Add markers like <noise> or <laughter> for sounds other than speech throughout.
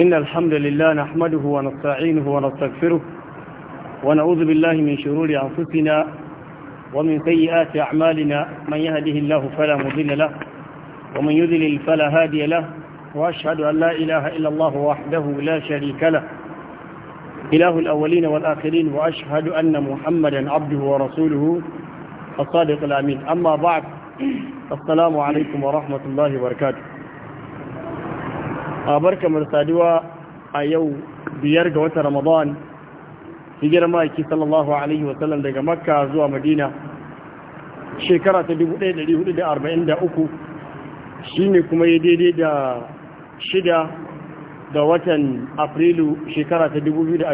إن الحمد لله نحمده ونستعينه ونستغفره ونعوذ بالله من شرور أنفسنا ومن سيئات أعمالنا من يهده الله فلا مضل له ومن يذلل فلا هادي له وأشهد أن لا إله إلا الله وحده لا شريك له إله الأولين والآخرين وأشهد أن محمدا عبده ورسوله الصادق الأمين أما بعد السلام عليكم ورحمة الله وبركاته a barka mu saduwa a yau biyar ga wata ramadan hijirar ma'aiki sallallahu alaihi wasallam daga makka zuwa madina shekara ta 1443 shine kuma ya daidai da shida ga watan afrilu shekara ta 2022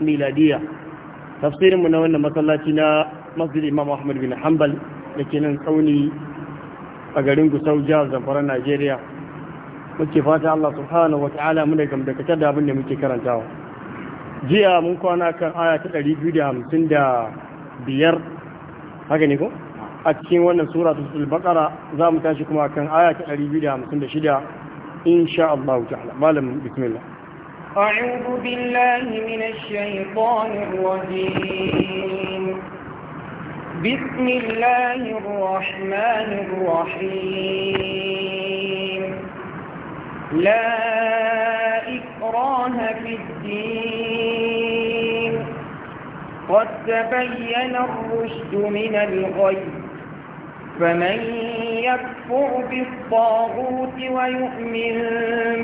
miladiya tafsirinmu na wannan masallaci na masjid imam ahmad bin hanbal da ke nan tsauni a garin gusau jihar zamfara najeriya muke fata allah subhanahu wa ta'ala muna gamdakatar da abin da muke karantawa jiya mun kwana kan aya ta ɗari biyu da hamsin da biyar haka ne ko a cikin wannan sura ta sul bakara za mu tashi kuma kan aya ta ɗari biyu da hamsin da shida insha allah ta'ala malam bismillah أعوذ بالله من الشيطان الرجيم بسم الله الرحمن الرحيم لا إكراه في الدين قد تبين الرشد من الغي فمن يكفر بالطاغوت ويؤمن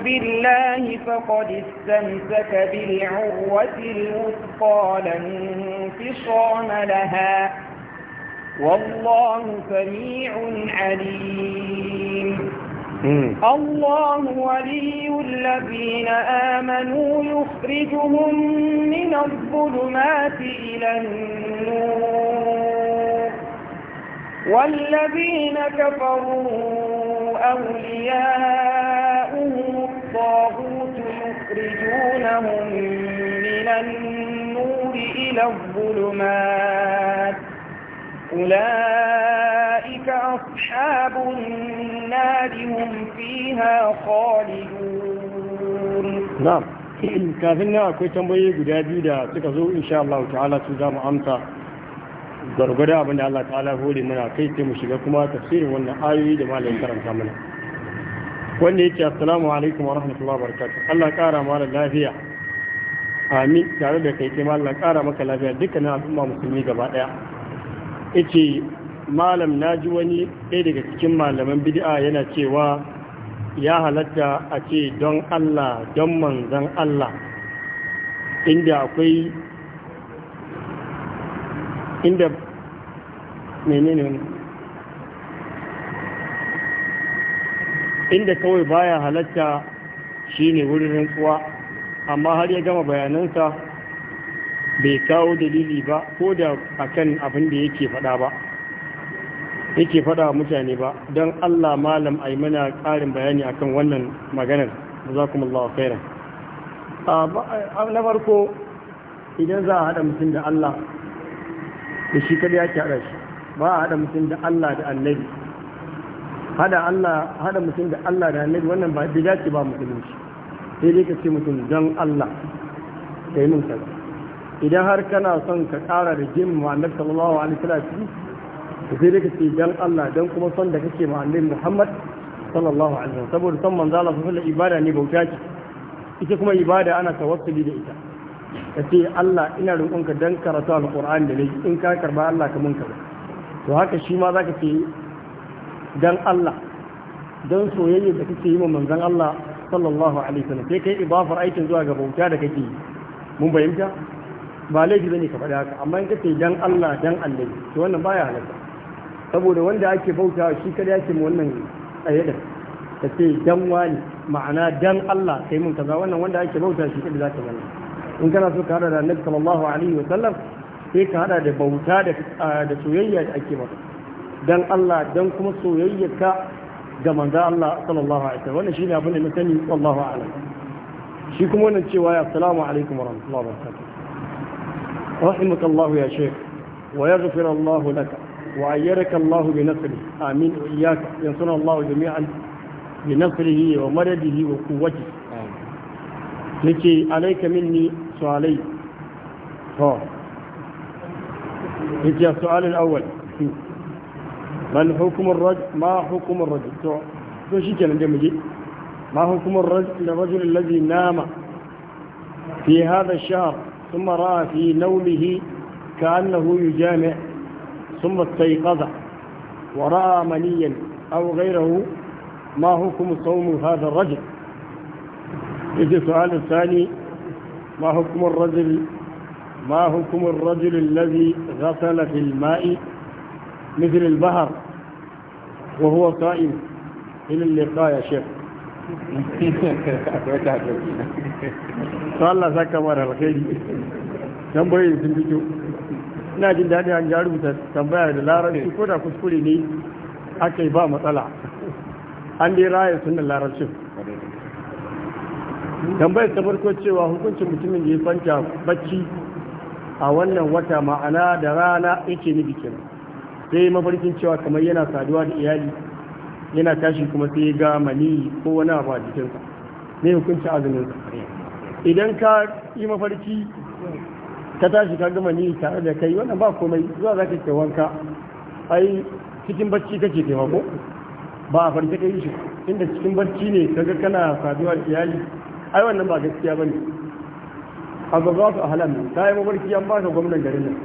بالله فقد استمسك بالعروة الوثقى لا انفصام لها والله سميع عليم الله ولي الذين آمنوا يخرجهم من الظلمات إلى النور والذين كفروا أولياؤهم الطاغوت يخرجونهم من النور إلى الظلمات أولئك أصحاب النار هم فيها خالدون نعم kafin nan akwai tambayoyi guda biyu da suka zo insha Allah ta'ala su za amsa gargada abin da Allah ta'ala hore mana kai sai mu shiga kuma tafsirin wannan ayoyi da malamin karanta mana wanda yake assalamu alaikum wa rahmatullahi wa barakatuh Allah kara mana lafiya amin tare da kai kai Allah kara maka lafiya dukkanin al'umma musulmi gaba daya yace malam na ji wani ɗaya daga cikin malaman bid'a yana cewa ya halatta a ce don Allah don manzan Allah inda akwai inda menene inda kawai baya halatta shine wurin rantsuwa amma har ya gama bayanansa bai kawo dalili ba ko da akan abin da yake faɗa ba yake wa mutane ba don Allah malam yi mana ƙarin bayani akan wannan maganar za jazakumullahu khairan na farko idan za a haɗa mutum da Allah da shi kada ya haɗa shi ba a haɗa mutum da Allah da annabi haɗa mutum da Allah da annabi wannan ba da ce ba shi sai dai ka ce mutum don Allah kai mun kaza idan har kana son ka ƙara da jin muhammad sallallahu alaihi wasallam da sai ka ce dan Allah dan kuma son da kake ma Muhammad sallallahu alaihi wasallam saboda son manzo Allah sallallahu alaihi ibada ne bauta ce ita kuma ibada ana tawassuli da ita kace Allah ina ka dan karatu alqur'ani da nayi in ka karba Allah ka mun karba to haka shi ma zaka ce dan Allah dan soyayya da kake yi ma manzon Allah sallallahu alaihi wasallam sai kai ibafar aikin zuwa ga bauta da kake mun bayyana ba laifi bane ka faɗa haka amma in kace dan Allah dan annabi to wannan baya halatta saboda wanda ake bauta shi kada yake mu wannan ayyada ka ce dan wani ma'ana dan Allah kai mun kaza wannan wanda ake bauta shi kada zaka gani in kana so ka hada da annabi sallallahu alaihi wa sallam sai ka hada da bauta da da soyayya da ake masa dan Allah dan kuma soyayya ka ga manzo Allah sallallahu alaihi wa sallam wannan shine abin da na sani wallahu a'lam shi kuma wannan cewa assalamu alaikum wa rahmatullahi wa barakatuh رحمك الله يا شيخ ويغفر الله لك وعيرك الله بنصره آمين وإياك ينصر الله جميعا بنصره ومرده وقوته لكي عليك مني سؤالي ها لكي السؤال الأول ما حكم الرجل ما حكم الرجل تو شي كان ما حكم الرجل الرجل الذي نام في هذا الشهر ثم رأى في نومه كأنه يجامع ثم استيقظ ورأى منيا أو غيره ما حكم صوم هذا الرجل يجي السؤال الثاني ما حكم الرجل ما حكم الرجل الذي غسل في الماء مثل البحر وهو صائم إلى اللقاء يا شيخ to Allah saka mara alkhairi tambayoyin sun fito ina jin daɗi an ja rubuta tambaya da larabci ko da kuskure ne aka yi ba matsala an dai raya sunan larabci tambayar ta farko cewa hukuncin mutumin da ya fanta bacci a wannan wata ma'ana da rana yake ni bikin, sai mafarkin cewa kamar yana saduwa da iyali yana tashi kuma sai ga mani ko wani abu a jikinsa ne hukunci azumin idan ka yi mafarki ka tashi ka gama ni tare da kai wannan ba komai zuwa za ka ke wanka ai cikin bacci kake taimako ba a farke kai shi inda cikin bacci ne kaga kana saduwa iyali ai wannan ba gaskiya bane a gaba su a halan ta yi mafarki an baka gwamnan garin nan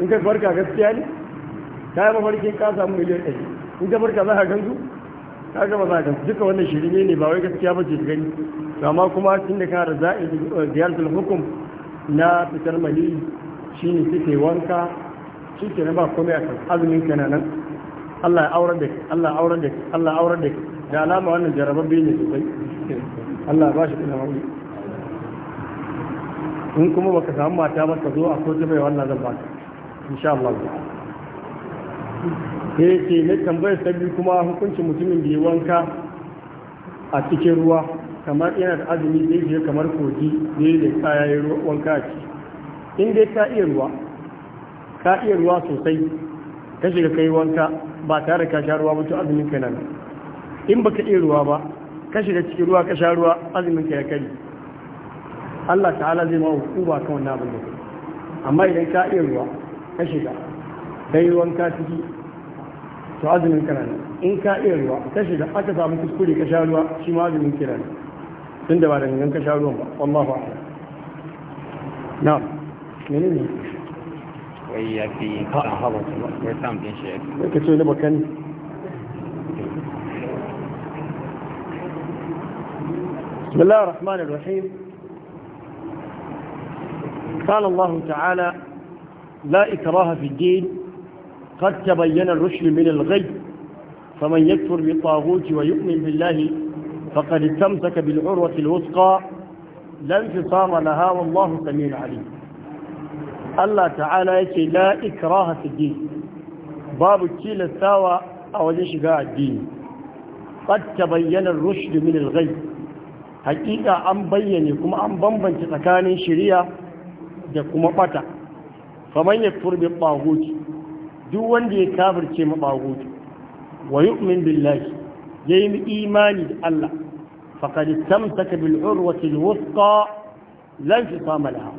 in ka farka gaskiya ne ta yi mafarkin ka samu miliyan ɗari in ka farka za ka gansu kaga ba za ka duka wannan shirme ne ba wai gaskiya ba ce gani amma kuma tun da kana da za'i ziyartar hukum na fitar mali shine suke wanka shi ke ba komai a kan azumin ka na nan Allah ya aurar da Allah aurar da Allah aurar da da alama wannan jarabar ne sosai Allah ba shi kuma wani in kuma baka samu mata ba ka zo a kotu mai wannan zan ba insha Allah da ya ce na tambayar ta biyu kuma hukuncin mutumin da ya wanka a cikin ruwa kamar yana da azumi da ya kamar kogi da ya da tsaya ya wanka a inda in dai ka iya ruwa ka iya ruwa sosai ka shiga kai wanka ba tare ka sha ruwa mutu azumin ka nan in baka iya ruwa ba ka shiga cikin ruwa ka sha ruwa azumin ka ya kari Allah ta'ala zai ma hukuma kan wannan abin da amma idan ka iya ruwa ka shiga dai wanka ciki to azumin kana ne in ka iya ruwa ka shiga aka samu kuskure ka sha ruwa shi ma azumin kira ne tun da ba da gangan ka sha ruwan ba wallahu a'lam na mene ne wai ya fi kan hawa wai sam din shi ya ka ce na bakan بسم الله الرحمن الرحيم قال الله تعالى لا إكراه في الدين قد تبين الرشد من الغي فمن يكفر بالطاغوت ويؤمن بالله فقد استمسك بالعروة الوثقى لا انفصام لها والله سميع عليم الله تعالى يكي لا إكراه في الدين باب التيل الساوى أو الإشقاء الدين قد تبين الرشد من الغي حقيقة أن بيني كما أن بمبن تتكاني شريعة دكما قطع فمن يكفر بالطاغوت duk wanda ya kafirce mabagutu wa yu'min billahi yayi imani da Allah faqad istamsaka bil urwati al wuthqa la infisama laha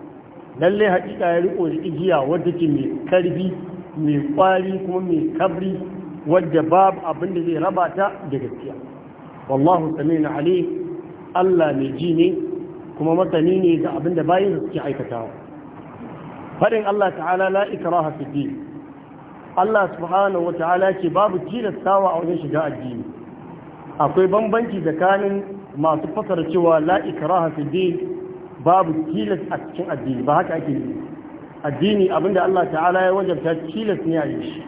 lalle hakika ya riko da igiya wadda ke mai karbi mai kwari kuma mai kabri wadda babu abin da zai raba ta da gaskiya wallahu samina ali Allah mai ji ne kuma masani ne ga abin da bayin suke aikatawa faɗin Allah ta'ala la ikraha fi din Allah subhanahu wata'ala ce babu tilastawa a wajen shiga addini akwai bambanci tsakanin masu fasar cewa la ikraha fi din babu tilas a cikin addini ba haka ake yi addini abinda Allah ta'ala ya wajabta tilas ne a yi shi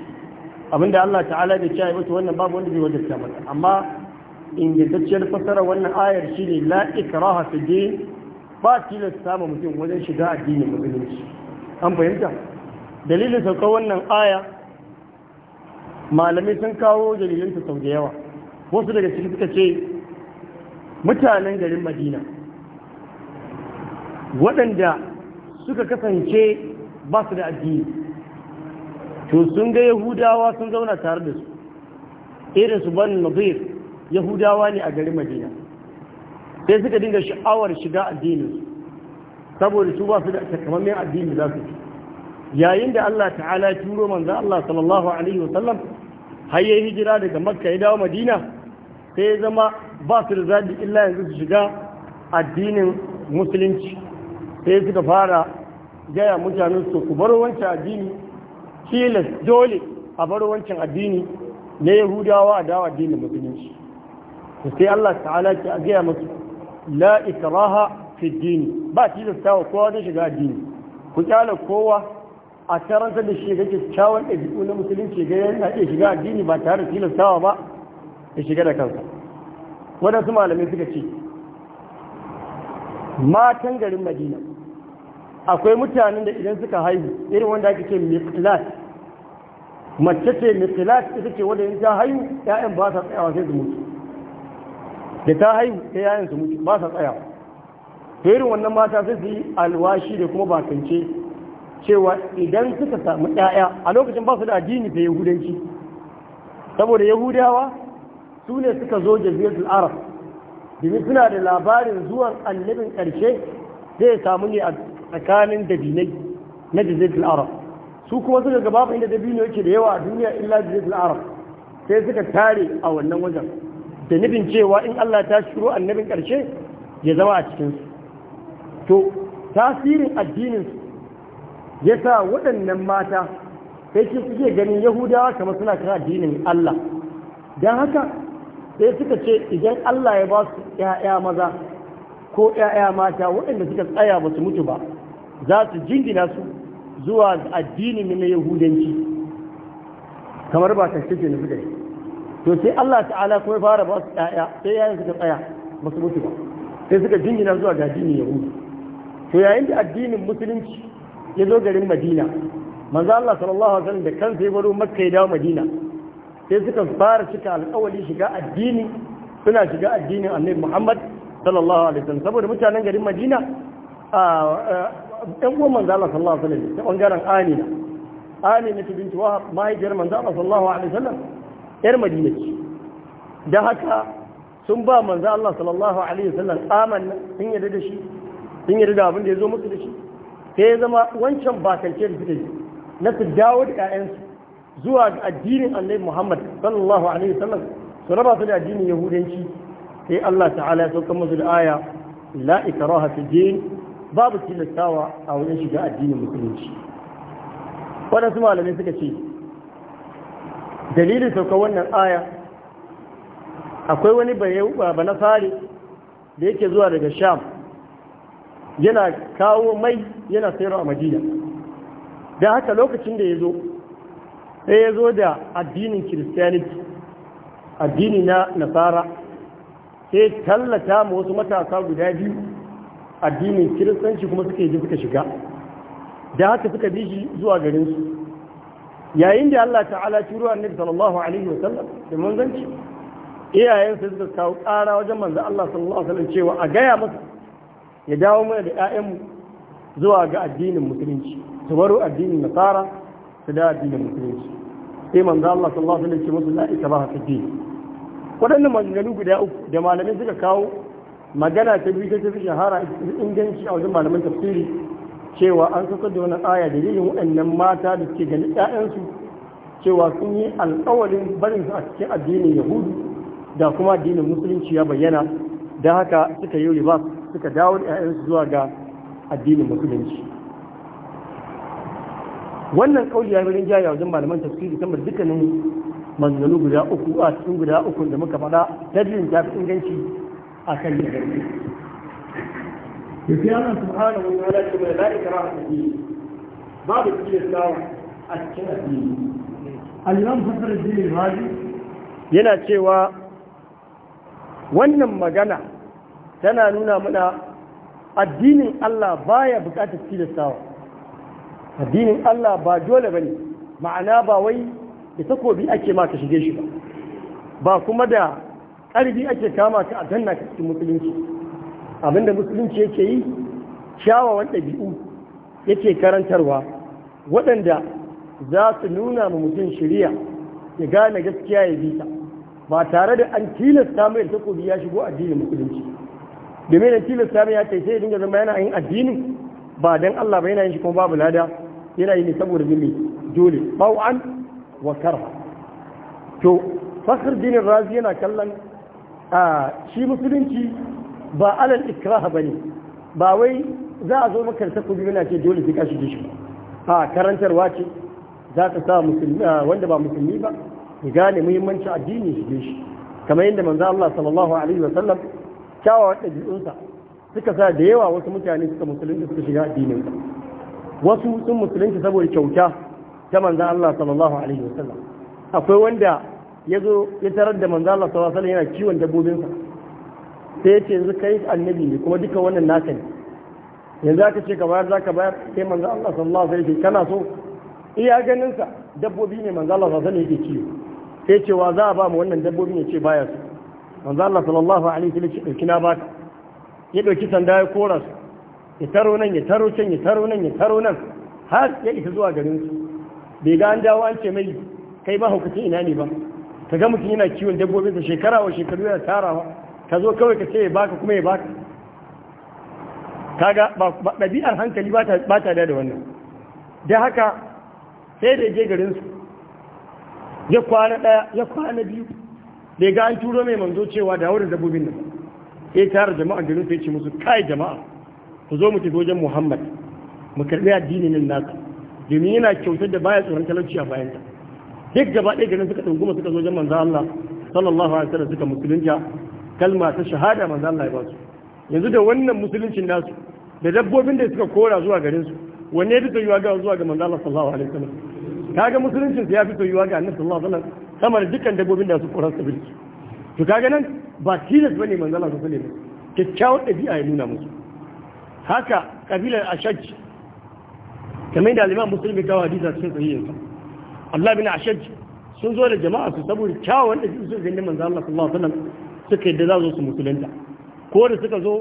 abinda Allah ta'ala bai cewa wata wannan babu wanda bai wajabta mata amma ingantacciyar fasara wannan ayar shine la ikraha fi din ba tilasta ma mutum wajen shiga addinin musulunci an fahimta dalilin sauka wannan aya malamai sun kawo dalilanta sau da yawa wasu daga ciki suka ce mutanen garin madina waɗanda suka kasance ba su da addini to sun ga yahudawa sun zauna tare da su irin su ban nazir yahudawa ne a garin madina sai suka dinga sha'awar shiga addininsu saboda su ba su da takamammen addini za su ci yayin da Allah ta'ala ya turo manzo Allah sallallahu alaihi wasallam har yayi hijira daga Makka ya dawo Madina sai ya zama ba su da zabi illa yanzu su shiga addinin musulunci sai suka fara gaya mutanen su ku bar wancan addini tilas dole a bar wancan addini na yahudawa a dawo addinin musulunci sai Allah ta'ala ke gaya musu la ikraha fi dini ba tilasta wa kowa da shiga addini ku kyala kowa a karanta da shi ga kyakkyawan ɗabi'u na musulunci ga yana iya shiga addini ba tare da tilastawa ba ya shiga da kansa waɗansu malamai suka ce matan garin madina akwai mutanen da idan suka haihu irin wanda ake ce mikilat mace ce mikilat ita ce wanda yin ta haihu 'ya'yan ba sa tsayawa sai su mutu da ta haihu sai 'ya'yan su mutu ba sa tsayawa irin wannan mata sai su yi alwashi da kuma bakance cewa idan suka samu ɗaya a lokacin ba su da addini da yahudanci saboda yahudawa su ne suka zo jaziratul arab domin suna da labarin zuwan annabin ƙarshe zai samu ne a tsakanin dabinai na jaziratul arab su kuma suka gaba inda dabino yake da yawa a duniya illa jaziratul arab sai suka tare a wannan wajen da nufin cewa in allah ta shiro annabin ƙarshe ya zama a cikinsu to tasirin addininsu ya sa waɗannan mata sai ce suke ganin yahudawa kamar suna kan dinin Allah don haka sai suka ce idan Allah ya ba su ‘ya'ya maza ko ‘ya'ya mata waɗanda suka tsaya ba su mutu ba za su jingina su zuwa addinin na yahudanci kamar ba ta shi na suka to sai Allah ta'ala kuma fara ba su ‘ya'ya sai yayin suka tsaya ba su mutu ba sai suka jingina zuwa ga addinin yahudu to yayin da addinin musulunci ya zo garin madina manzo Allah sallallahu alaihi wasallam da kansa ya baro makka ya dawo madina sai suka fara cika alƙawari shiga addini suna shiga addinin annabi muhammad sallallahu alaihi wasallam saboda mutanen garin madina a ɗan uwan manzo Allah sallallahu alaihi wasallam ta bangaren amina amina ta binti wahab mahaifiyar manzo Allah sallallahu alaihi wasallam yar madina ce da haka sun ba manzo Allah sallallahu alaihi wasallam amanna sun yarda da shi sun yarda da abin da ya zo musu da shi sai ya zama wancan bakance da suke na su dawo da ƴaƴansu zuwa ga addinin annabi Muhammad sallallahu alaihi wasallam su raba su da addinin yahudanci sai Allah ta'ala ya sauka musu da aya la ikraha fi din babu tilastawa a wajen shiga addinin musulunci waɗansu malamai suka ce dalilin sauka wannan aya akwai wani ba na fari da yake zuwa daga sham yana kawo mai yana sayarwa a madina da haka lokacin da ya zo sai ya zo da addinin christianity addini na nasara sai tallata ma wasu matasa guda biyu addinin kiristanci kuma suka yi suka shiga da haka suka bi shi zuwa garinsu yayin da Allah ta'ala turo annabi sallallahu alaihi wa sallam da manzanci iyayensa suka kawo ƙara wajen manzo Allah sallallahu alaihi wa sallam cewa a gaya masa ya dawo mana da 'ya'yanmu zuwa ga addinin musulunci su baro addinin nasara su da addinin musulunci sai manzo Allah sallallahu alaihi wasallam musu la'ika ba haka dini waɗannan maganganu guda uku da malamai suka kawo magana ta biyu ta fi shahara inganci a wajen malaman tafsiri cewa an saukar da wani aya da yin waɗannan mata da suke ganin 'ya'yansu cewa sun yi alƙawarin barin su a cikin addinin yahudu da kuma addinin musulunci ya bayyana da haka suka yi ribas suka dawo da 'ya'yansu zuwa ga addinin musulunci wannan kauli ya birin jaya wajen malaman tafsiri kamar dukkanin manzanni guda uku a cikin guda uku da muka faɗa dalilin ta fi inganci a kan da garbi yafi ana subhanahu wa ta'ala ce mai la'ika a addini babu tilastawa a cikin addini al-imam fasar addini raji yana cewa wannan magana tana nuna mana addinin Allah baya bukatar tilastawa addinin Allah ba dole ne, ma'ana ba wai da takobi ake ma shige shi ba ba kuma da ƙarfi ake kama ka a danna ka cikin musulunci abinda musulunci yake yi kyawawan ɗabi'u yake karantarwa waɗanda za su nuna ma mutum shirya ya gane gaskiya ya bi ta ba tare da an tilasta mai takobi ya shigo addinin musulunci domin da tilasta ya ce sai dinga zama yana yin addinin ba dan Allah ba yana yin shi kuma babu lada yana yi ne saboda zumi dole bau'an wa karha to fakhr dinin razi yana kallon a shi musulunci ba alal ikraha bane ba wai za a zo maka ta kubi yana ce dole sai ka shige shi a karantarwa ce za ka sa musulmi wanda ba musulmi ba ya gane muhimmancin addini shige shi kamar yadda manzo Allah sallallahu alaihi wa sallam kyawawan ɗabi'unsa suka sa da yawa wasu mutane suka musulunci suka shiga addinin wasu sun musulunci saboda kyauta ta manzan Allah sallallahu alaihi wasallam akwai wanda ya zo ya tarar da manzan Allah sallallahu alaihi wasallam yana kiwon dabbobinsa sai ya ce yanzu kai annabi ne kuma duka wannan naka ne yanzu aka ce ka bayar zaka bayar sai manzan Allah sallallahu alaihi wasallam kana so iya ganin sa dabbobi ne manzan Allah sallallahu alaihi wasallam yake kiwo sai cewa za a ba mu wannan dabbobi ne ce baya su manzo Allah sallallahu alaihi wasallam ya ɗauki na baka ya ɗauki sanda ya kora su ya taro nan ya taro can ya taro nan ya taro nan har ya isa zuwa garin su bai ga an dawo an ce mai kai ba hukuncin ina ne ba ka ga mutum yana kiwon sa shekara wa shekaru yana tarawa ka zo kawai ka ce ya baka kuma ya baka kaga ba ɗabi'ar hankali ba ta da wannan da haka sai da je garinsu ya kwana ɗaya ya kwana biyu bai ga an turo mai manzo cewa da wurin dabbobin nan ya tara jama'a garin nufin ce musu kai jama'a ku zo mu tafi wajen muhammad mu karbi addinin nan naka domin yana kyautar da baya tsoron talauci a bayan ta duk gaba ɗaya garin suka ɗunguma suka zo wajen manzo Allah sallallahu alaihi wasallam suka musulunta kalma ta shahada manzo Allah ya ba su yanzu da wannan musuluncin nasu da dabbobin da suka kora zuwa garin su wanne ya fi soyuwa ga zuwa ga manzo Allah sallallahu alaihi wasallam kaga musuluncin su ya fi soyuwa ga annabi sallallahu alaihi wasallam sama da dukkan dabbobin da su koran su birki to kaga nan ba tilas bane manzo Allah sallallahu alaihi wasallam kyakkyawar dabi'a ya nuna musu haka kabilar ashaj kamar da al-Imam Muslim ya kawo hadisi cikin sahihinsa Allah bin ashaj sun zo da jama'a su saboda kyawun da su ganin manzo Allah sallallahu alaihi wasallam suka yadda za su musulunta ko da suka zo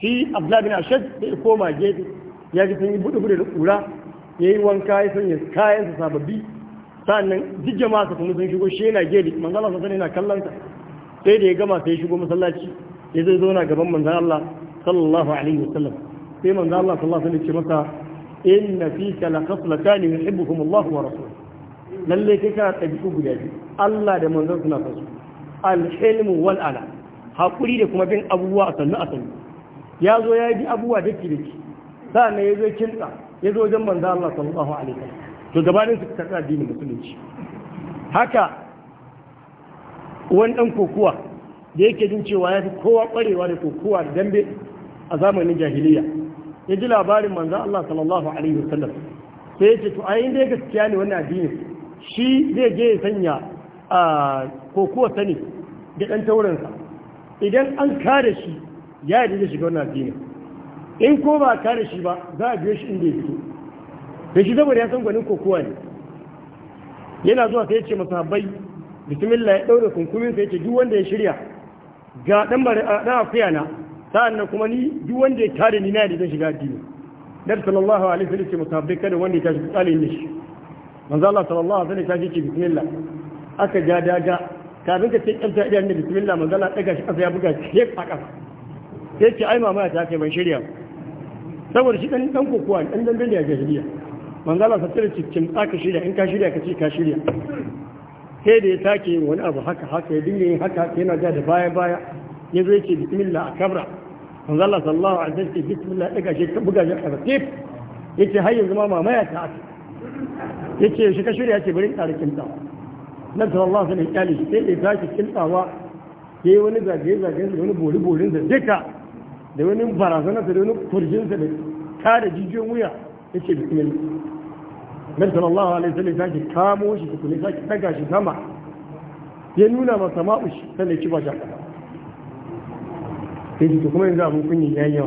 shi Abdullah bin Ashaj bai koma gefe ya ji sun yi buɗe buɗe da kura ya yi wanka ya sanya kayan sa sababbi sannan duk jama'a kuma sun shigo shi yana gedi manzala sun sallallahu yana kallon sai da ya gama sai ya shigo masallaci ya zai zo na gaban manzo Allah sallallahu alaihi wasallam sai manzo Allah sallallahu alaihi wasallam ya ce masa inna fika la qaslatan yuhibbuhum Allah wa rasuluhu lalle kai kana tabi'u guda biyu Allah da manzon suna fasu al wal ala hakuri da kuma bin abubuwa a sannu a sannu ya zo ya yi abubuwa dake dake sannan ya zo kinta ya zo wajen manzan Allah sallallahu alaihi wasallam to gabanin su karɓi addinin musulunci haka wani ɗan kokuwa da yake jin cewa ya fi kowa ƙwarewa da kokuwa da dambe a zamanin jahiliya ya ji labarin manzan Allah sallallahu alaihi wasallam sai ya ce to ayin da ya gaskiya ne wannan addinin shi zai je ya sanya a kokowa sani da ɗan taurinsa idan an kare shi ya yi da shiga wannan addinin in ko ba kare shi ba za a biyo shi inda ya fito da shi saboda ya san gwanin kokowa ne yana zuwa sai ya ce masu masahabbai bismillah ya daure kunkumin sai ya ce duk wanda ya shirya ga dan dan afiya na sa'an nan kuma ni duk wanda ya tare ni na yadda zan shiga addini nabi sallallahu alaihi wasallam ce masu masahabbai kada wanda ya tashi tsale ne shi manzo Allah sallallahu alaihi wasallam ya ce bismillah aka ja daga kafin ka ce kanta idan ne bismillah manzo Allah daga shi kasa ya buga shi a kasa sai ce ai mamaya ta kai ban shirya saboda shi ɗan dan kokowa ɗan dan da ya jahiliya manzala sa cire cikin aka shirya in ka shirya ka ce ka shirya sai da ya take wani abu haka haka ya dinga yin haka haka yana ja da baya baya ya zo yake bismillah a kabra manzala sallallahu a wasallam ce bismillah daga shi ka buga shi a kabra Ya ce har yanzu ma mamaya ta ya ce shi ka shirya ce bari tsara kinta na sallallahu alaihi wasallam ya kali sai da ya take kintawa yi wani zagaye zagaye da wani bori borin da duka da wani barazana da wani kurjinsa da kare jijiyoyin wuya ya ce bismillah من صلى الله عليه وسلم كان كاموش يكون يساك تقاش سماء ينونا ما سماوش سنة كبا جاكا يجي تقومين ذا ممكن يجي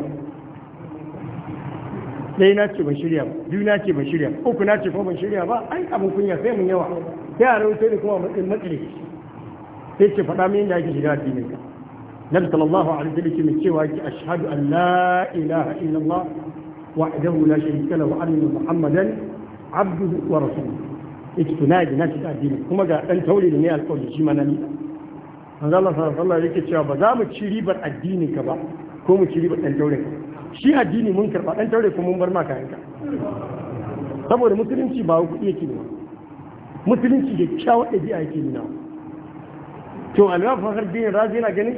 لي ناتشي من شريا دي ناتشي من شريا أوك ناتشي فو من شريا با أي أبو كنيا فيه من يوا يا رو سيري كوا المدري تيجي فرامين لا يجي جراد دي منك نبي صلى الله عليه وسلم من شوا أشهد أن لا إله إلا الله وحده لا شريك له وأن محمدا abduhu wa rasuluhu yake tuna da addini kuma ga dan tauri da ne alƙawari shi ma na ni manzo Allah sallallahu alaihi yake cewa ba za mu ci ribar addini ka ba ko mu ci ribar dan taurin shi addini mun karba dan tauri kuma mun bar ma kayanka saboda musulunci ba kuɗi yake ne musulunci da kyawun ɗabi'a yake nuna to alimam fahar bin razi yana ganin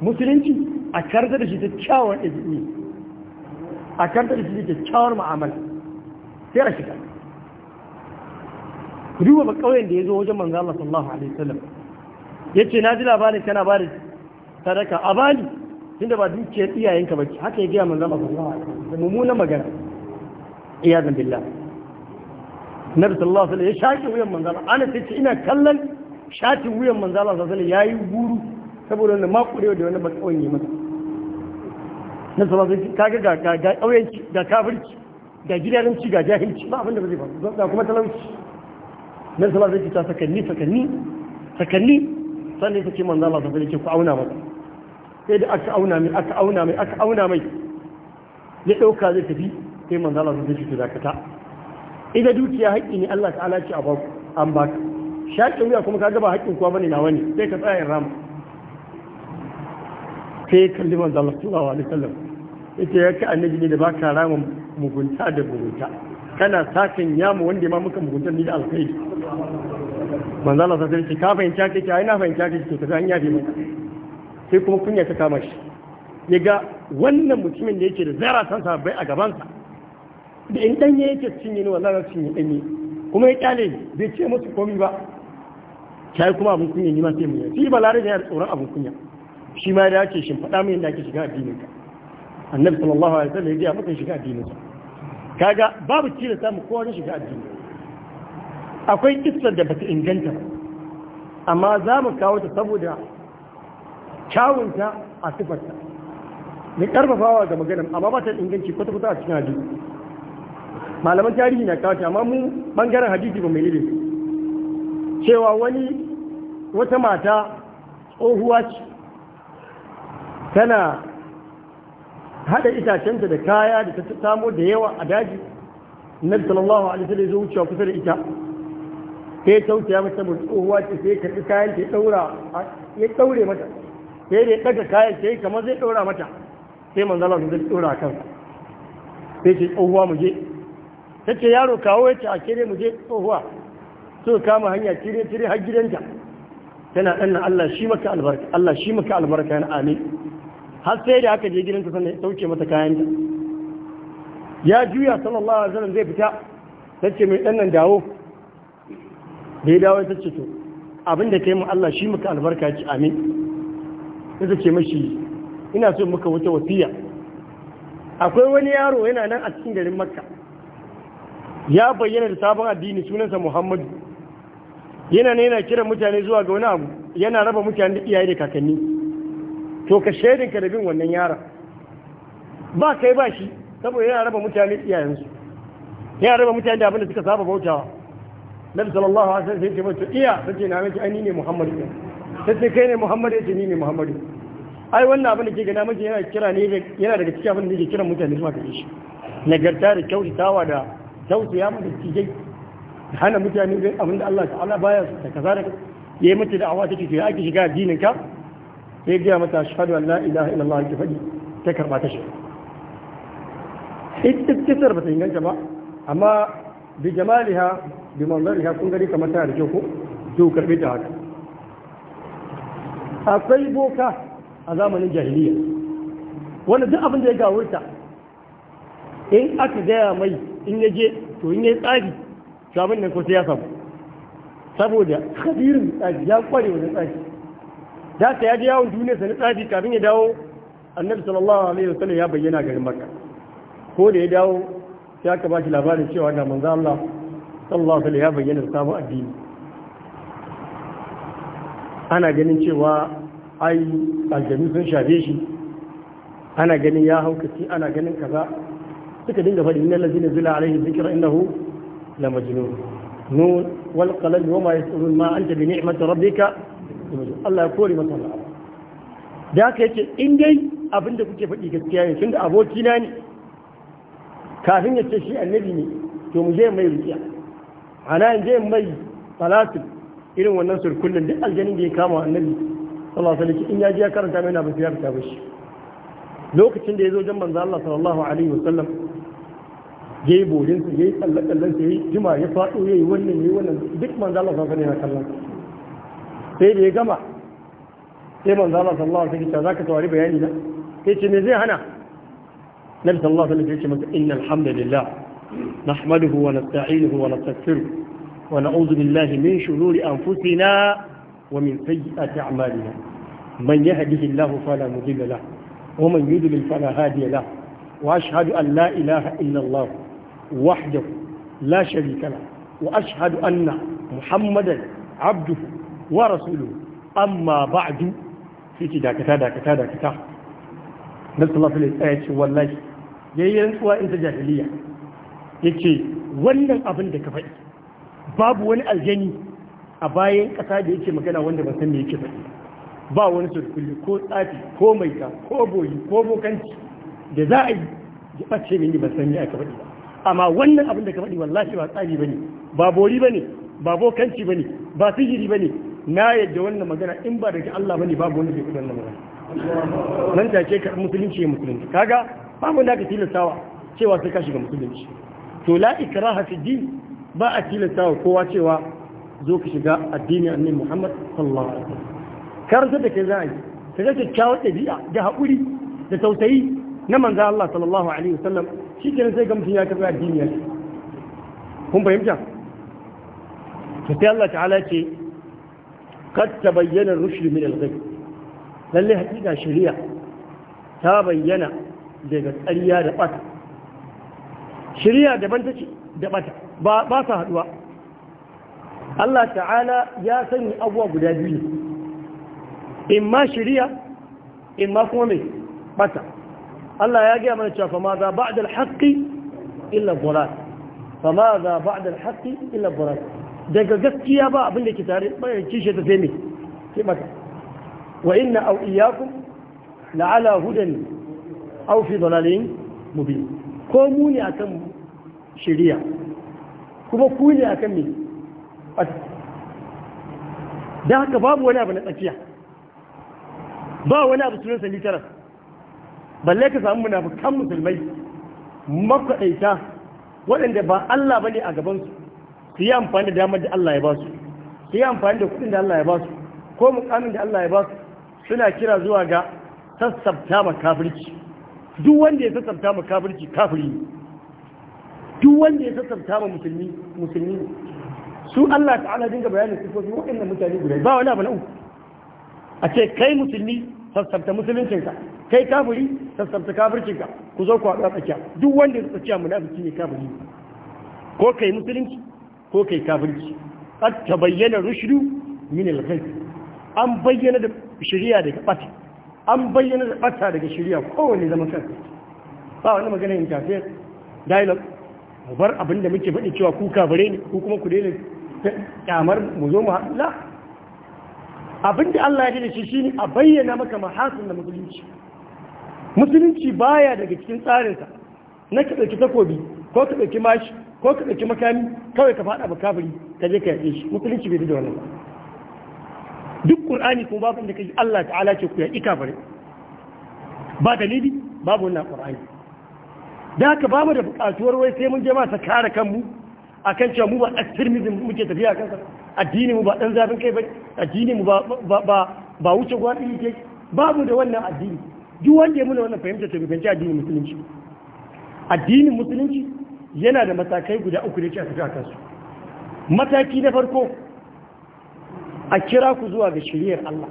musulunci a karta da shi da kyawun ɗabi'a a karta da shi da kyawun mu'amala sai a shiga ku duba ba kauyen da ya zo wajen manzo Allah sallallahu alaihi wasallam yace na ji labarin kana ba da sadaka a bani tunda ba dukiyar iyayenka bace haka ya ga manzo Allah sallallahu alaihi wasallam mummunan magana iyazan billah nabi sallallahu alaihi wasallam ya shaki wuyan manzo Allah ana tace ina kallon shatin wuyan manzo Allah sallallahu alaihi wasallam yayi guru saboda wannan makurewa da wannan ba yi ya masa na sallallahu alaihi kaga ga ga kauyenci ga kafirci ga gidanci ga jahilci ba abinda ba zai faru kuma talauci nan sama zai fita sakanni sakanni sakanni sannan yake ce manzo Allah sallallahu alaihi wasallam ku auna masa sai da aka auna mai aka auna mai aka auna mai ya dauka zai tafi sai manzo Allah sallallahu alaihi wasallam zakata idan dukiya haƙƙi ne Allah ta'ala ce a baku an baka shaƙin wuya kuma kaga ba haƙƙin kuwa bane nawa ne sai ka tsaya in rama sai kalli manzo Allah sallallahu alaihi wasallam yace ya ka annabi ne da baka rama mugunta da mugunta kana sakin yamu wanda ma muka mugunta ni da alkhairi manzo Allah sai ce ka fahimta kake ai na fahimta kake to kaza an yafe maka sai kuma kunya ta kama shi ya ga wannan mutumin da yake da zara san sabai a gabansa da in danye yake cinye ne wallahi cinye danye kuma ya kyale bai ce musu komai ba kai kuma abun kunya ni ma sai mu yi shi balare ne tsoron abun kunya shi ma ya ce shin faɗa min yadda ake shiga addinin ka annabi sallallahu alaihi wasallam ya ji a mutum shiga addinin k'a kaga babu tilasta mu kowa shiga addinin akwai kisar da bata inganta amma za mu kawo ta saboda kyawunta a sifarta mai karfafawa ga maganar amma ba ta inganci kwata-kwata a cikin hadisi malaman tarihi na kawo ta amma mu bangaren hadisi ba mai lili cewa wani wata mata tsohuwa ce tana hada itacenta da kaya da ta samo da yawa a daji na sallallahu alaihi wasallam ya zo wucewa kusa da ita sai ya tausaya mata tsohuwa ce sai ka karɓi kayan ta ya ya daure mata sai da ya kayan ta yi kamar zai daura mata sai manzala su zai daura kan sai ce tsohuwa mu je ta ce yaro kawo ya ce a kere mu je tsohuwa so kama hanya kire kire har gidanta tana ɗan nan Allah shi maka albarka Allah shi maka albarka yana amin har sai da aka je gidanta sannan ya sauke mata kayan ta ya juya sallallahu alaihi wasallam zai fita ta ce mai ɗan nan dawo da ya dawo ta ce to abin da kai mu Allah shi muka albarka ci amin ya ce mashi ina so muka wuce wasiya akwai wani yaro yana nan a cikin garin makka ya bayyana da sabon addini sunansa muhammadu yana ne yana kiran mutane zuwa ga wani abu yana raba mutane da iyaye da kakanni to ka ka da bin wannan yaron ba kai ba shi saboda yana raba mutane iyayensu yana raba mutane da abin da suka saba bautawa nabi sallallahu alaihi wasallam sai ce mata iya sace na miki ai ni ne muhammadu ne sace kai ne muhammadu yace ni ne muhammadu ai wannan abin da ke gana miki yana kira ne yana daga cikin abin da yake kiran mutane zuwa gare shi nagarta da kyautatawa da kyautaya mu da cijai hana mutane da abin da Allah ta'ala baya su ta kaza da yayi mata da awa take ya ake shiga addinin ka sai ga mata ashhadu an la ilaha illallah ki fadi ta karba ta shi ita kisar ba ta inganta ba amma bi jamaliha bi manzan ya kun gani kamar tana da kyau ko to karbe ta haka akwai boka a zamanin jahiliya wanda duk abin da ya gawurta in aka gaya mai in ya je to in ya tsari to abin nan ko sai ya samu saboda kabirin tsari ya kware wajen tsari da ta ya yawon duniya sani tsari kafin ya dawo annabi sallallahu alaihi wasallam ya bayyana garin makka ko da ya dawo sai aka ba shi labarin cewa ga manzo Allah sallallahu alaihi ya bayyana sabon addini ana ganin cewa ai aljami sun shafe shi ana ganin ya haukaci ana ganin kaza suka dinga faɗi innal ladzina zila alaihi dhikra innahu la majnun nun wal qalam wa ma yasurun ma anta bi ni'mati rabbika Allah ya kore masa Allah da haka yace in dai abinda kuke faɗi gaskiya ne tunda abokina ne kafin ya ce shi annabi ne to mu je mai rukiya ana in je mai salatin irin wannan surkullin duk aljanin da ya kama annabi sallallahu alaihi wasallam in ya ji ya karanta mai na ba ya fita ba shi lokacin da ya zo jan manzo Allah sallallahu alaihi wasallam ya yi bodin su ya yi tsalle-tsallen su ya yi jima ya faɗo ya yi wannan ya yi wannan duk manzo Allah sallallahu alaihi wasallam sai da ya gama sai manzo Allah sallallahu alaihi wasallam zaka tawari bayani na sai ce me zai hana nabi sallallahu alaihi wasallam ya ce maka innal hamdalillah نحمده ونستعينه ونستغفره ونعوذ بالله من شرور أنفسنا ومن سيئات أعمالنا من يهده الله فلا مضل له ومن يضلل فلا هادي له وأشهد أن لا إله إلا الله وحده لا شريك له وأشهد أن محمدا عبده ورسوله أما بعد في دا كتا دا كتا دا كتا نسأل الله في الآية والله يا ينسوا أنت جاهلية Yake wannan abin da ka faɗi babu wani aljani a bayan ƙasa da yake magana wanda ba san me yake faɗi ba wani surkulli ko tsafi ko maita ko boyi ko bokanci da za a yi ya ɓace mini ba san me aka faɗi ba amma wannan abin da ka faɗi wallahi ba tsari ne ba bori ba ne ba bokanci ba ne ba sihiri ne na yadda wannan magana in ba daga Allah ba ne babu wani ke kudin magana nan take ka musulunci ya musulunci kaga babu da ka tilastawa cewa sai ka shiga musulunci to la ikraha fi din ba a tilasta wa kowa cewa zo ka shiga addini annabi Muhammad sallallahu alaihi wasallam karanta da kai zai ka ga kyakkyawar dabi'a da haƙuri da tausayi na manzo Allah sallallahu alaihi wasallam shi ne sai ga mutum ya karɓi addini ya kun fahimta to sai Allah ta'ala ce kad tabayyana rushd min al-ghayb lalle hakika shari'a ta bayyana daga ƙarya da ɓata shirya daban take da bata ba ta haduwa Allah ta'ala ya sanya abuwa guda biyu in ma shirya in ma kuma mai bata Allah ya gaya mana cewa fa ma za ba'da al-haqqi illa dhulal fa ma za ba'da al-haqqi illa dhulal daga gaskiya ba abin da ke tare bayan kishe ta sai mai sai bata wa inna aw iyyakum la'ala hudan aw fi dhalalin mubin ko mu ne akan shirya kuma ku ne akan me da haka babu wani abu na tsakiya ba wani abu sunan sani taras balle ka samu kan musulmai makwaɗaita waɗanda ba Allah ba ne a gabansu su yi amfani da damar da Allah ya ba su su yi amfani da kuɗin da Allah ya ba su ko mukamin da Allah ya ba su suna kira zuwa ga sassabta makafirci duk wanda ya sassanta ma kafirci kafiri ne duk wanda ya sassanta ma musulmi musulmi ne su Allah ta'ala dinga bayanin sifofin waɗannan mutane guda ba wani abu na uku a ce kai musulmi sassanta musuluncinka kai kafiri sassanta kafircinka ku zo ku haɗu a tsakiya duk wanda ya tsakiya munafiki ne kafiri ne ko kai musulunci ko kai kafirci qad tabayyana rushdu min al-ghayb an bayyana da shari'a daga bata an bayyana da ɓata daga shirya kowane zama kan ba wani magana yin tafiya dialogue mu bar abin da muke faɗi cewa kuka bare ne ko kuma ku daina kyamar mu zo mu haɗu abin da Allah ya da shi shine a bayyana maka mahasin da musulunci musulunci baya daga cikin tsarinsa na ka ɗauki takobi ko ka ɗauki mashi ko ka ɗauki makami kawai ka faɗa ba kafiri ka je ka yaƙe shi musulunci bai da wannan ba duk qur'ani kuma babu da kaji Allah ta'ala ce ku ya ika bare ba dalili babu wannan qur'ani da haka babu da bukatuwar wai sai mun je ma kare kanmu akan cewa mu ba extremism muke tafiya kansa addini mu ba dan zafin kai ba addini mu ba ba ba wuce gwadi ke babu da wannan addini duk wanda ya muna wannan fahimta ta bibanci addinin musulunci addinin musulunci yana da matakai guda uku da ke a tafiya kansu mataki na farko a kira ku zuwa ga shiriyar Allah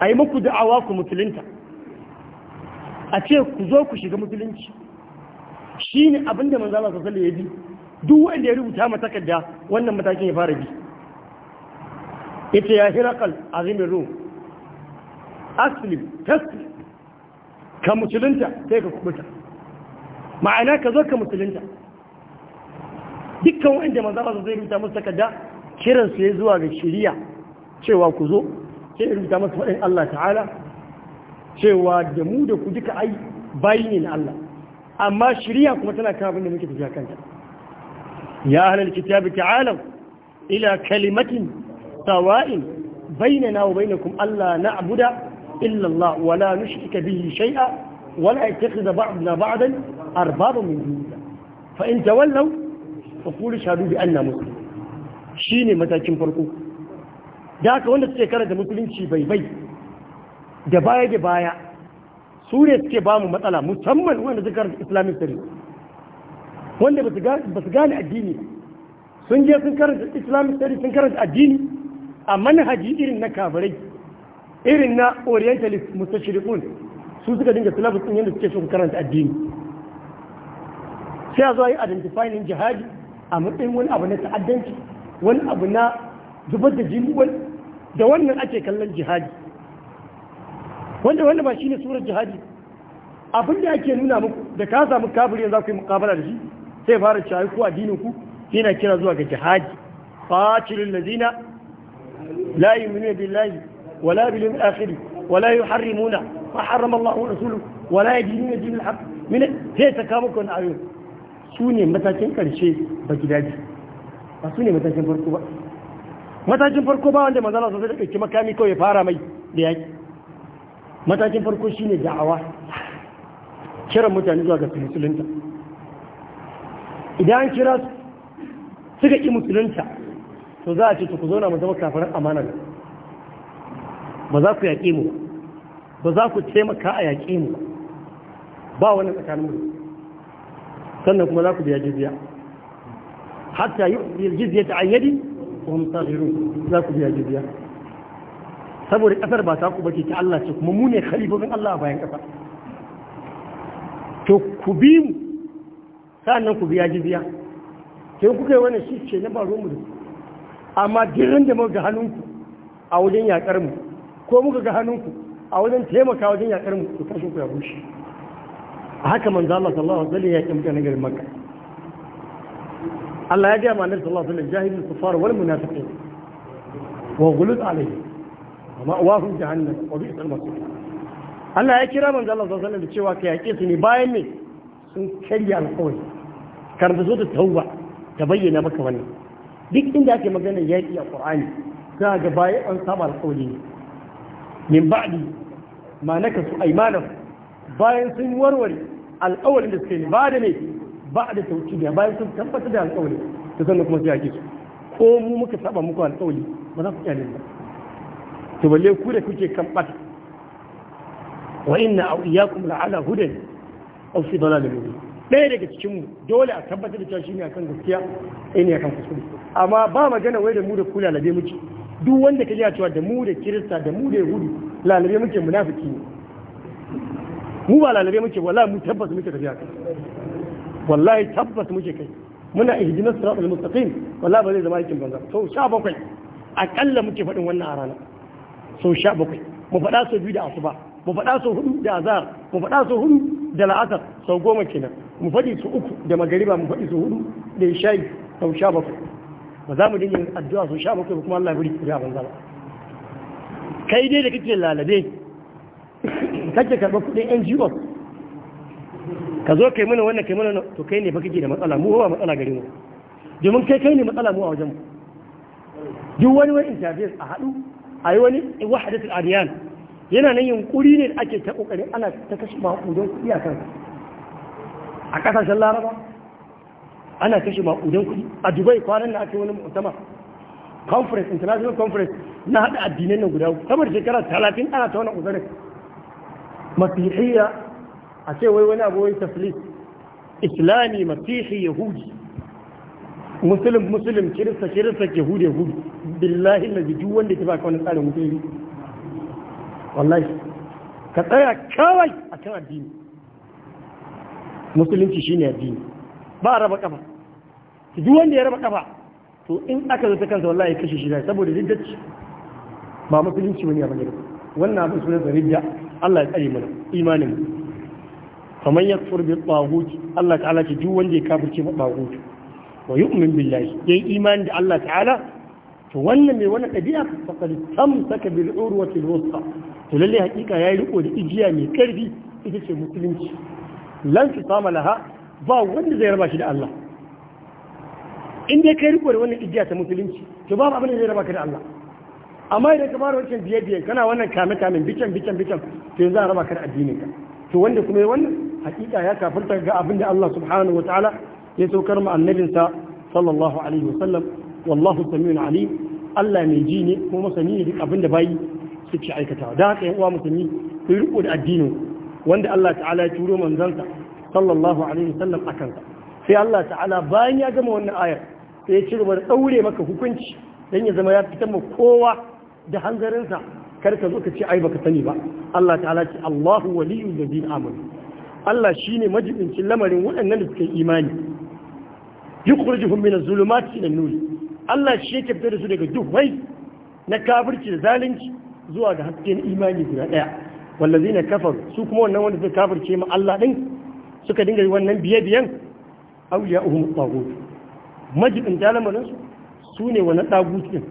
a yi muku da'awa ku musulunta a ce ku zo ku shiga musulunci shi ne abinda manzana sassali ya bi duk wanda ya rubuta matakarda wannan matakin ya fara bi ita ya hirakal zimin ruwa. aslim taslim ka musulunta sai ka kubuta ma'ana ka zo ka musulunta dukkan wanda manzana sassali ya rubuta matakarda kiran su ya zuwa ga shiriya cewa ku zo sai rubuta masa faɗin Allah ta'ala cewa da mu da ku duka ai bayi ne na Allah amma shiriya kuma tana kan abin da muke tafiya kanta ya ahlal kitabi ta'ala ila kalimatin sawa'in bainana wa bainakum Allah na'buda illa Allah wa la nushrika bihi shay'a wa la yattakhidha ba'duna ba'dan arbaba min dunillah fa in tawallaw فقولوا شهدوا بأننا مسلمون shi ne matakin farko da aka wanda suke karanta musulunci bai bai da baya da baya su ne suke ba mu matsala musamman wanda suka karanta islamic studies wanda ba su gane addini sun je sun karanta islamic studies sun karanta addini a manhaji irin na kabarai irin na orientalist mustashirikun su suka dinga syllabus din yadda suke so karanta addini sai a zo a yi identifying jihadi a matsayin wani abu na ta'addanci wani abu na zubar da jini da wannan ake kallon jihadi wanda wanda ba shi ne surar jihadi abin da ake nuna muku da ka samu kafiri yanzu ku yi mukabala da shi sai fara cewa ku addinin ku yana kira zuwa ga jihadi fatilul ladina la yu'minu billahi wala bil yawmil akhir wala yuharrimuna ma harrama Allah wa rasuluhu wala yadinuna dinal haqq min sai ta kama muku wannan ayoyi sune matakin karshe ba gidaje ba su ne matakin farko ba matakin farko ba wanda manzala sosai da ɗauki makami kawai ya fara mai da yaƙi matakin farko shi ne da'awa kiran mutane zuwa ga musulunta idan an kira su suka ƙi musulunta to za a ce ku zauna mu zama kafaran amana ba za ku yaƙe mu ba za ku taimaka a yaƙe mu ba wani tsakanin mu sannan kuma za ku biya jizya hatta yu'til jizyata an yadi hum saghirun za ku biya jizya saboda kasar ba ta ku bace ta Allah ce kuma mu ne khalifofin Allah a bayan kasa to ku bi mu sannan ku biya jizya sai kuka yi wannan shi ce ba ruwan mu da amma dirin da mu ga hannunku a wajen yakar mu ko muka ga hannunku a wajen taimaka wajen yakar mu to kashin ya bushe haka manzo Allah sallallahu alaihi wasallam ya kimta na garin Makka Allah ya gaya ma annabi sallallahu alaihi wasallam jahilul kuffar wal munafiqin wa gulud alaihi wa ma'awahum jahannam wa bi'sal masir Allah ya kira manzo Allah sallallahu alaihi wasallam da cewa ka yake su ne bayan ne sun karya alƙawari karanta su ta tauba ta bayyana maka wannan duk inda ake magana yaƙi a Qur'ani za ga bayan an saba alƙawari ne min ba'di ma nakasu aymanahum bayan sun warware alƙawarin da suke ba da ne ba da tauki da bayan sun tabbatar da alƙawari ta sannan kuma sai ake su ko mu muka saba muku alƙawari ba za ku kyale ba to balle ku da kuke kan bata wa inna aw iyyakum la ala hudan aw fi dalalin mubin ɗaya daga cikin mu dole a tabbatar da cewa shine akan gaskiya ne akan kuskure amma ba magana wai da mu da ku lalabe muke duk wanda ka a cewa da mu da kirista da mu da yahudu lalabe muke munafiki ne mu ba lalabe muke wala mu tabbata muke tafiya kan wallahi tabbas muke kai muna ihdina siratal mustaqim wallahi ba zai zama aikin banza to 17 akalla muke faɗin wannan a rana so 17 mu faɗa so biyu da asuba mu faɗa so hudu da azhar mu faɗa so hudu da la'asar sau goma kenan mu faɗi so uku da magariba mu faɗi so hudu da isha'i sau 17 ba za mu dinga addu'a so 17 ba kuma Allah ya bari ku ya banza ba kai dai da kake lalabe kake karɓar kuɗin NGOs ka zo kai mana wannan kai mana to kai ne kake da matsala mu ba matsala gare mu domin kai kai ne matsala mu a wajen mu duk wani wani interface a haɗu a yi wani wahadatul adiyan yana nan yunkuri ne da ake ta kokari ana ta kashe maƙudan kuɗi a kansa a ƙasashen laraba ana kashe maƙudan kuɗi a dubai kwanan na ake wani mutama conference international conference na haɗa addinai nan guda uku kamar shekara talatin ana ta wani ƙudurin masihiyya a ce wai wani abu wai taflis islami masihi yahudi musulun musulun kirista kirista yahudi yahudi billahi na duk wanda ke baka wani tsarin musulmi wallahi ka tsaya kawai a kan addini musulunci shi ne addini ba a raba kafa duk wanda ya raba kafa to in aka zo ta kansa wallahi kashe shi da saboda riddaci ba musulunci wani abin da wannan abin sunan ridda Allah ya tsare mana imanin mu faman yakfur bi taghut Allah ta'ala ce duk wanda ya kafirce ma taghut wa yu'min billahi yayi imani da Allah ta'ala to wannan mai wannan ɗabi'a faqad tamsaka bil urwati al-wusta to lalle hakika yayi riko da igiya mai karfi ita ce musulunci lan su sama laha ba wanda zai raba shi da Allah in dai kai riko da wannan igiya ta musulunci to ba abin da zai raba ka da Allah amma idan ka fara wancan biye biye kana wannan kame kamen bican bican bican to yanzu za a raba ka da addinin ka to wanda kuma yi wannan hakika ya kafirta ga abin da Allah subhanahu wataala ya saukar ma annabinsa sallallahu alaihi wasallam wallahu samiun alim Allah mai ji ne kuma masani ne duk abin da bayi ci aikatawa da haka yan uwa musulmi ku riko da addinin wanda Allah ta'ala ya turo manzansa sallallahu alaihi wasallam akan sa sai Allah ta'ala bayan ya gama wannan ayar sai ya ci gaba da daure maka hukunci dan ya zama ya fitar ma kowa da hanzarinsa kar ka zo ka ce ai baka sani ba Allah ta'ala ce Allahu waliyul ladina amanu Allah shi shine majibincin lamarin waɗannan da suka yi imani yukhrijuhum min az-zulumati ila nuri, nur Allah shi yake fitar da su daga duhwai na kafirci da zalunci zuwa ga hasken imani guda ɗaya, daya na kafaru su kuma wannan wanda suka kafirce ma Allah din suka dinga yi wannan biye-biyen awliya'uhum taghut majibin lamarin su sune wannan tagut din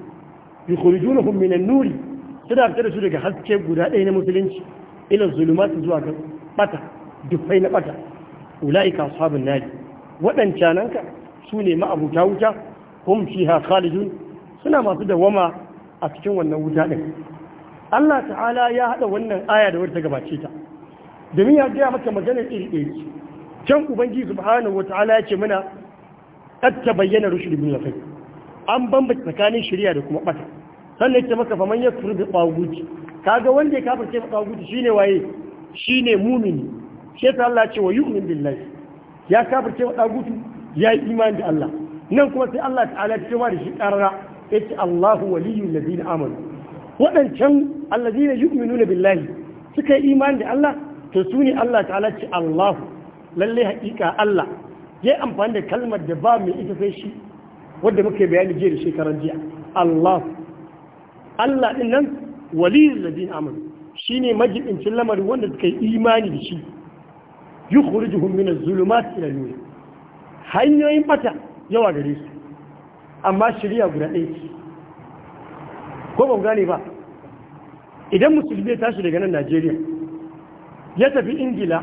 yukhrijunahum min an-nur suna fitar da su daga haske guda ɗaya na musulunci ila zulumat zuwa ga bata dufai na bata ula'ika ashabun nari waɗancananka su ne ma'abuta wuta hum fiha khalidun suna masu dawama a cikin wannan wuta din Allah ta'ala ya haɗa wannan aya da wata gabace ta domin ya gaya maka maganar iri ɗaya can ubangiji subhanahu wata'ala ya ce mana ta bayyana rushd ibn lafai an bambata tsakanin shari'a da kuma bata sannan ya ce maka faman yakfur bi kaga wanda ya kafirce bi shine waye shine mumini shi yasa Allah ce wa yu'min billahi ya kafirce wa dagutu ya yi imani da Allah nan kuma sai Allah ta'ala ta cewa da shi karara yace Allahu waliyul ladina amanu wadancan alladina yu'minuna billahi suka yi imani da Allah to su ne Allah ta'ala ce Allahu lalle hakika Allah ya amfani da kalmar da ba mai ita sai shi wadda muke bayani jiya da shekarar jiya Allah Allah din nan waliyul ladina amanu shine majibincin lamarin wanda suka yi imani da shi yukhrijuhum min az-zulumat ila nur hanyoyin bata yawa gare su amma shari'a guda ɗaya ce ko ban gane ba idan musulmi ya tashi daga nan Najeriya ya tafi Ingila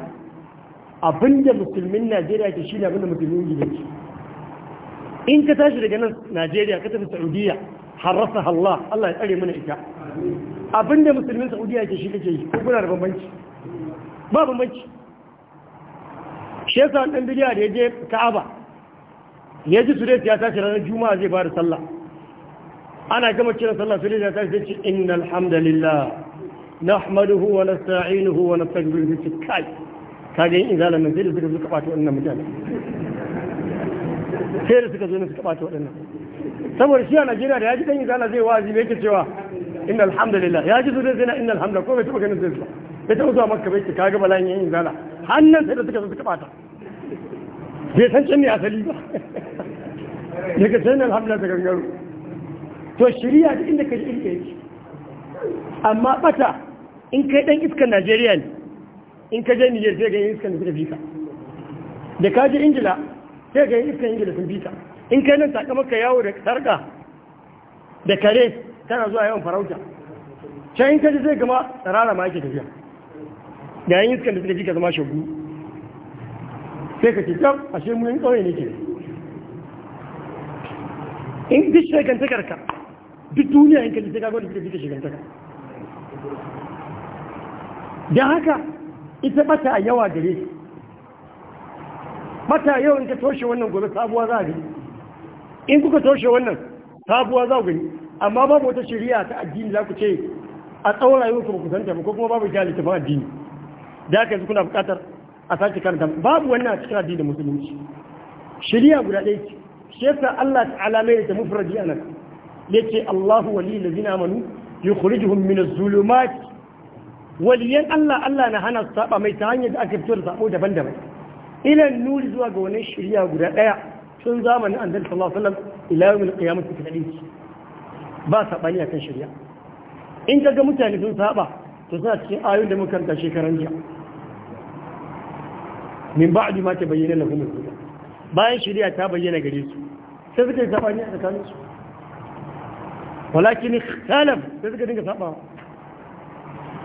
abinda musulmin Najeriya ke shine abinda musulmin Ingila ke in ka tashi daga nan Najeriya ka tafi Saudiya harrasa Allah Allah ya tsare mana ita abinda musulmin Saudiya ke shi kake yi ko guna da bambanci ba bambanci shi yasa dan bidiya da ya je Ka'aba ya ji Sudais ya tashi ranar Juma'a zai fara sallah ana gama cire sallah Sudais ya tashi zai ce innal hamdalillah nahmaduhu wa nasta'inuhu wa nastaghfiruhu fi kai kage yin izala nan sai da suka suka bata wannan mutane sai da suka zo ne suka bata wannan saboda shi a Najeriya da ya ji ɗan izala zai wazi me yake cewa Inna alhamdulillah, ya ji su zai yana Inna alhamdulillah, ko bai taɓa ganin zai ba ya ta zuwa makka bai ce kaga bala'in yayin zana hannun sai da suka zo suka bata bai san can ne asali ba daga can ne alhamdulillah ta gangaro to shirya ta inda ka ji ilke yake amma bata in kai dan iskan najeriya ne in ka je niger sai ga yin iskar da suka fika da ka je ingila sai ga yi iskar ingila sun fika in kai nan maka yawo da sarka da kare tana zuwa yawan farauta can in ka ji sai gama tsarara ma yake tafiya da yayin iskan da suka ji ka zama shagu sai ka ce tab a shi mun kawai ne ke in duk shagantakar ka duk duniya in ka ji sai ka gwada suka ji ka shagantaka da haka ita bata a yawa gare su bata yau in ka toshe wannan gobe sabuwa za a gani in kuka toshe wannan sabuwa za a gani amma babu wata shari'a ta addini za ku ce a tsawon ayyukan ba ku santa ba ko kuma babu jali ta addini da aka yanzu kuna buƙatar a kan karanta babu wannan a cikin da musulunci shari'a guda ɗaya ce shi yasa Allah ta'ala mai da mufradi anan yace Allahu wali ladina amanu yukhrijuhum min az zulumat waliyan Allah Allah na hana su saba mai ta hanyar da aka fito da sabo daban-daban ila nuri zuwa ga wani shirya guda ɗaya tun zamanin annabi sallallahu alaihi wasallam ila yawmil qiyamah ta ba sabani akan shirya in kaga mutane sun saba to suna cikin ayoyin da muka karanta shekaran jiya min ba'di ma ta bayyana lahum al-huda bayan shari'a ta bayyana gare su sai suka yi ne a tsakanin su walakin ikhtalaf sai suka dinga saba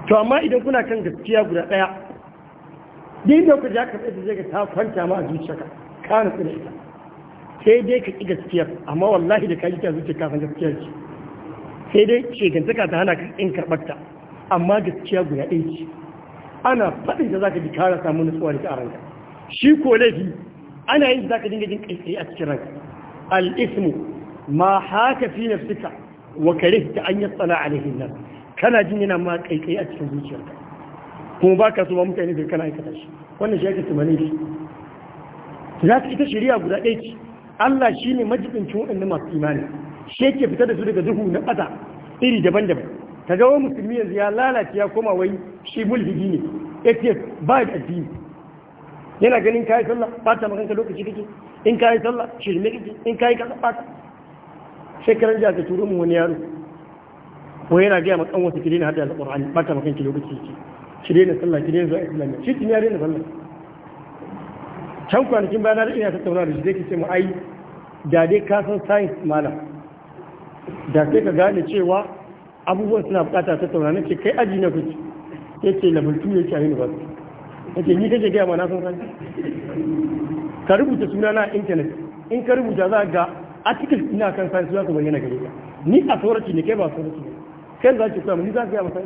to amma idan kuna kan gaskiya guda daya din da ku ja ka tsaye da ta kwanta ma a zuciyarka ka na tsira ita sai dai ka ki gaskiya amma wallahi da ka ji ta zuciya ka san gaskiya ce sai dai shegantaka ta hana ka in karɓar ta amma gaskiya guda ɗaya ce ana faɗin da za ka ji kara samu nutsuwa da tsaron ka shi ko laifi ana yin za ka dinga jin ƙaiƙayi a cikin ranka al'ismu ma haka fi nafsika wa kare ta an yi a alaihin nan kana jin yana ma ƙaiƙayi a cikin zuciyarka kuma ba ka so ba mutane da kana aikata shi wannan shi ake tumanin shi za ka ita shari'a guda ɗaya ce Allah shi ne majibincin waɗanda masu imani shi yake fita da su daga duhu na ƙasa iri daban-daban ka ga wani musulmi yanzu ya lalace ya koma wai shi mulhidi ne atheist ba da addini yana ganin kayi sallah ba ta makanka lokaci kake in kayi sallah shirme kake in kayi ba bata shekaran jiya ka turo mu wani yaro ko yana gaya matsan wasu kidina hada alqur'ani ta makanki lokaci kake kire na sallah kire zuwa islam shi tun yare na sallah can kwanakin bayan da ina tattauna da shi zai ce mu ai da dai ka san science malam da sai ka gane cewa abubuwan suna bukata ta tauna nace kai aji na kuci na level 2 ce a university yace ni kake gaya ma na san sani ka rubuta suna na internet in ka rubuta za ga article ina kan science suna ku bayyana gare ka ni a tsoraci ne kai ba tsoraci ne kai za ki koya ni za ka yi masa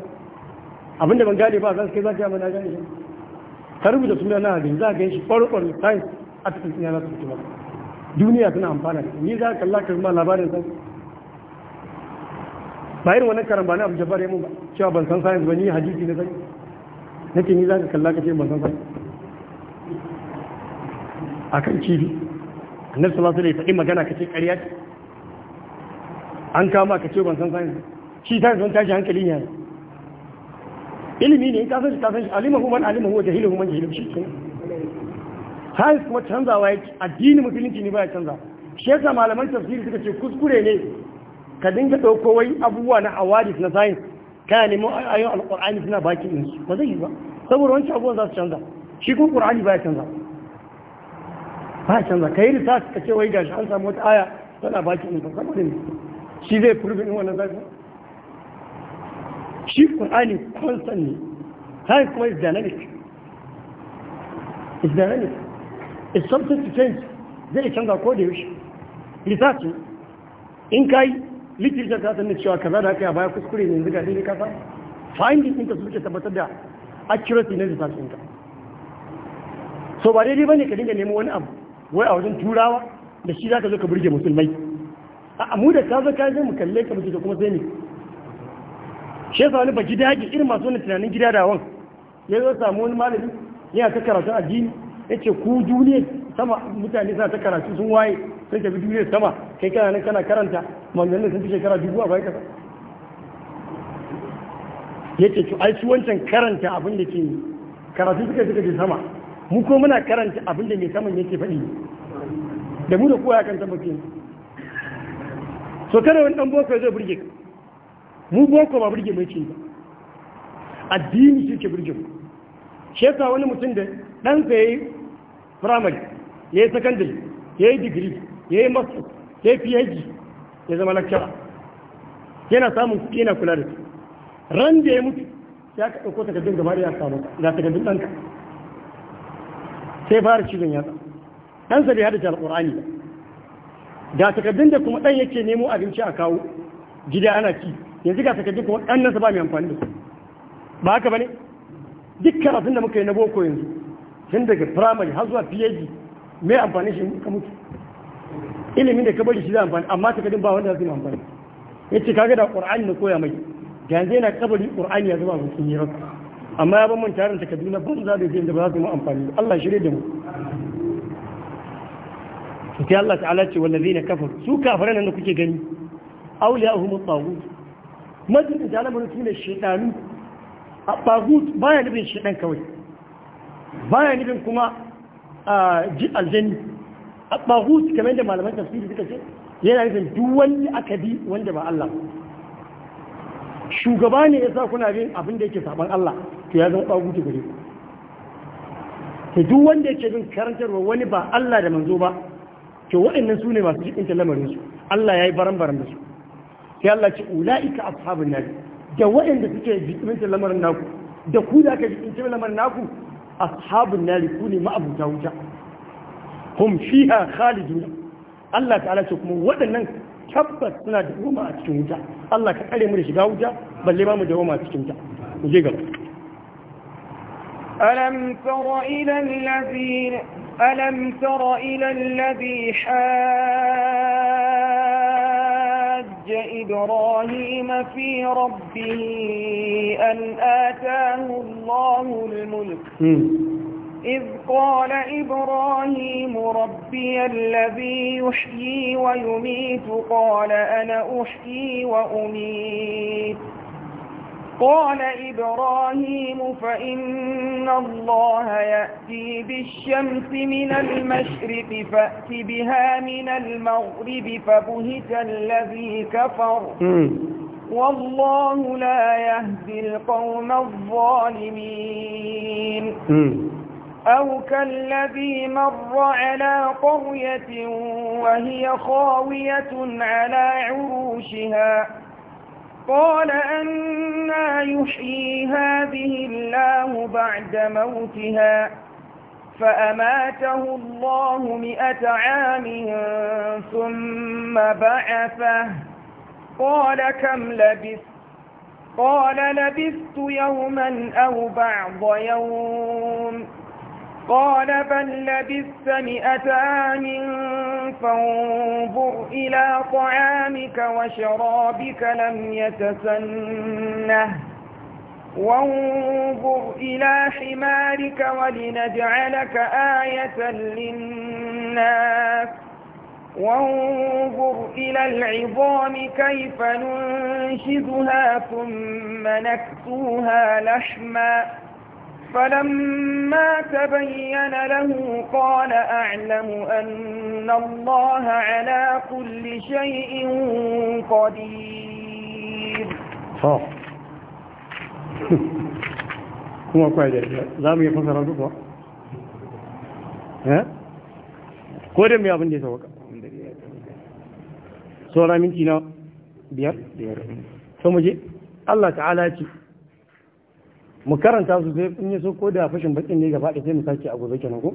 abinda ban gane ba za ka kai za ka yi mana gane ka rubuta suna na hadin za ka yi shi farkon science article ina na su duniya suna amfana ni za ka kalla ka zama labarin science bayan irin wannan karan ba na abu jabbar yamma ba cewa ban san science ba ni hadisi na sani nake ni za ka kalla ka ce ban san science akan kifi annabi sallallahu alaihi wasallam magana ce ƙarya ce an kama ka ce ban san science shi ta zan tashi hankali ne ilimi ne ka san shi ka san shi alimahu man alimahu wa man shi kuma science kuma canzawa yake addini musulunci ne baya canza shi yasa malaman tafsiri suka ce kuskure ne ka dinga ɗauko wai abubuwa na awadis na sayin kana nemo ayon alƙur'ani suna baki in su ba zai yi ba saboda wancan abubuwan za su canza shi kuma ƙur'ani ba ya canza ba ya canza ka yi research ka ce wai gashi an samu wata aya tana baki in su saboda ne shi zai furfin in wannan zafi shi ƙur'ani constant ne science kuma is dynamic is dynamic is something to change zai canza ko da yaushe research in ka yi. literature ta sanin cewa kaza da aka yi baya kuskure ne yanzu ga kasa ka samu finding ɗinka su suke tabbatar da accuracy na research ɗinka so ba daidai ne ka dinga neman wani abu wai a wajen turawa da shi za ka zo ka burge musulmai a mu da ka zo mu kalle ka mutu kuma sai ne shi yasa wani baki daji irin masu wani tunanin gida da wan ya zo samu wani malami yana ta karatun addini ya ce ku duniya sama mutane suna ta karatu sun waye sai tafi duniya sama kai kana nan kana karanta manzannin sun fi shekara dubu a bai kasa yake to ai su wancan karanta abin da ke karatu suka suka je sama mu ko muna karanta abin da mai saman yake faɗi da mu da kowa ya kanta mutum so kada wani ɗan boko ya zo ka mu boko ba birge mai ce addini suke ke burge mu shi yasa wani mutum da ɗansa ya yi firamare ya yi sakandari, ya yi digiri ya yi masu ya yi phd ya zama lakcara yana samun kuɗi yana kula da su ran da ya mutu ya ka ɗauko ta gaba da ya samu ga takardun ɗanka sai fara cizon yatsa ɗansa bai haddace alƙur'ani ba ga takardun da kuma ɗan yake nemo abinci a kawo gida ana ci yanzu ga takardun kuma ɗan nasa ba mai amfani da su ba haka ba ne duk karatun da muka yi na boko yanzu tun daga firamare har zuwa phd mai amfani shi ka mutu ilimin da ka bari shi zai amfani amma ta takardun ba wanda zai amfani ya ce kaga da ƙur'ani na koya mai da yanzu yana kabari ƙur'ani ya zama abokin yi raka amma ya ban tarin ta takardu na banza da zai da ba za su yi amfani Allah shirye da mu sai Allah ta'ala ce wallazi na kafar su kafiran nan da kuke gani awliya'uhum at-taghut majin da lamarin su ne shaytanu a taghut baya nufin shaytan kawai baya nufin kuma aljani at-taghut kamar da malaman tafsiri suka ce yana nufin duk wani bi wanda ba Allah shugaba ne ya sa kuna bin abin da yake saban Allah to ya zama taghut gare ku to duk wanda yake bin karantarwa wani ba Allah da manzo ba to waɗannan su ne masu jikin lamarin su Allah ya yi baran-baran da su sai Allah ce ula'ika ashabun nar da waɗanda suke jikin lamarin naku da ku da aka jikin lamarin naku ashabun nar ku ne ma'abuta wuta hum fiha khaliduna Allah ta'ala ce kuma waɗannan tabbas suna da roma a cikin wuta Allah ka kare mu da shiga wuta balle ba mu da roma a cikin wuta mu je gaba ألم تر إلى الذين ألم تر إلى الذي حاج إبراهيم في ربه أن آتاه الله الملك إذ قال إبراهيم ربي الذي يحيي ويميت قال أنا أحيي وأميت قال إبراهيم فإن الله يأتي بالشمس من المشرق فأت بها من المغرب فبهت الذي كفر والله لا يهدي القوم الظالمين أو كالذي مر على قرية وهي خاوية على عروشها قال أنا يحيي هذه الله بعد موتها فأماته الله مئة عام ثم بعثه قال كم لبثت قال لبثت يوما أو بعض يوم قال بل لبثت مئة عام فانظر إلى طعامك وشرابك لم يتسنه وانظر إلى حمارك ولنجعلك آية للناس وانظر إلى العظام كيف ننشدها ثم نكسوها لحماً فلما تبين له قال أعلم أن الله على كل شيء قدير kuma kwa da za mu yi fasara duka ba eh? ko da yi abin da ya sauka saura minti na biyar biyar so mu je Allah ta'ala ce mu karanta su sai yi so ko da fashin bakin ne gaba da sai mu sake a gobe kenan ko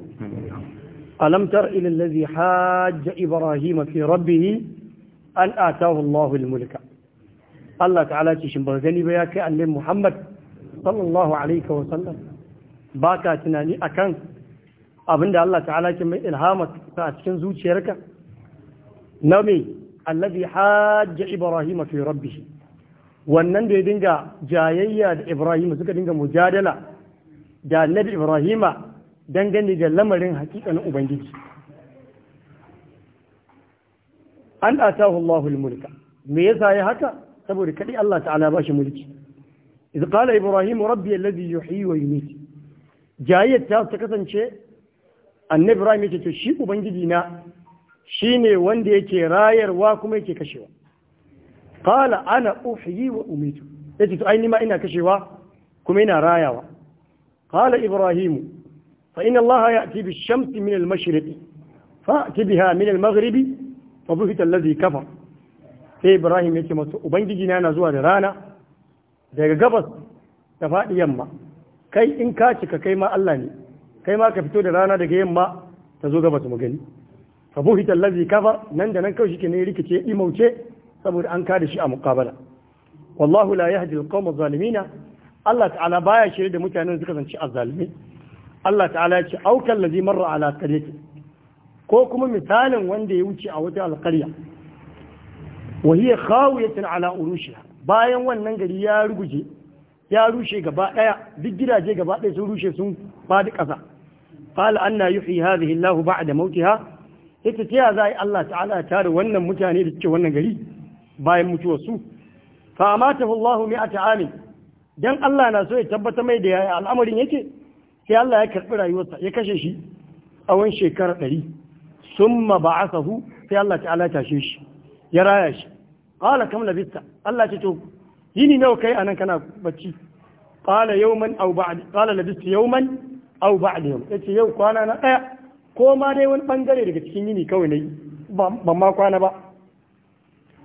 alam tar ila allazi hajja ibrahima fi rabbih an atahu allah mulka Allah ta'ala ce shin ba gani ba ya kai annabi Muhammad sallallahu alaihi wa sallam ka tunani akan abinda Allah ta'ala ke mai ilhamat a cikin zuciyarka na me allazi hajja ibrahima fi rabbih wannan da ya dinga jayayya da ibrahim suka dinga mujadala da annabi ibrahima dangane da lamarin hakikanin ubangiji an atahu allahul mulka me yasa ya haka saboda kaɗai Allah ta'ala ba shi mulki iz qala ibrahim rabbi alladhi yuhi wa Yuniti jayayyar ta ta kasance annabi ibrahim yake to shi ubangiji na shine wanda yake rayarwa kuma yake kashewa qala ana uhyi wa umitu yace to ai ma ina kashewa kuma ina rayawa qala ibrahimu fa ina allaha ya bish-shamsi min al fa fa'ti biha min maghribi buhita alladhi sai ibrahim yake masu ubangiji na yana zuwa da rana daga gabas ta faɗi yamma kai in ka cika kai ma Allah ne kai ma ka fito da rana daga yamma ta zo gabas mu gani fa buhita kafa nan da nan kawai shike ne rikice imauce saboda an kada shi a muqabala wallahu la yahdi alqawma zalimina Allah ta'ala baya shirye da mutanen da suka zanci azzalimi Allah ta'ala ya ce aukan ladhi marra ala qaryati ko kuma misalin wanda ya wuce a wata alqarya wa hiya khawiyatun ala urushiha bayan wannan gari ya ruguje ya rushe gaba daya duk gidaje gaba daya sun rushe sun fadi kasa qala anna yuhyi hadhihi Allahu ba'da mautiha ita ce yi zai Allah ta'ala ya tare wannan mutane da ce wannan gari bayan mutuwarsu fa amatahu Allahu mi'ata amin dan Allah na so ya tabbata mai da yaya al'amarin yake sai Allah ya karbi rayuwarsa ya kashe shi a wani shekara ɗari summa ba'athahu sai Allah ta'ala ya tashe shi ya raya shi qala kam labista Allah ce to yini nawa kai anan kana bacci qala yawman aw ba'd qala labista yawman aw ba'd yawm yace yau kwana na daya ko ma dai wani bangare daga cikin yini kawai nayi ba ma kwana ba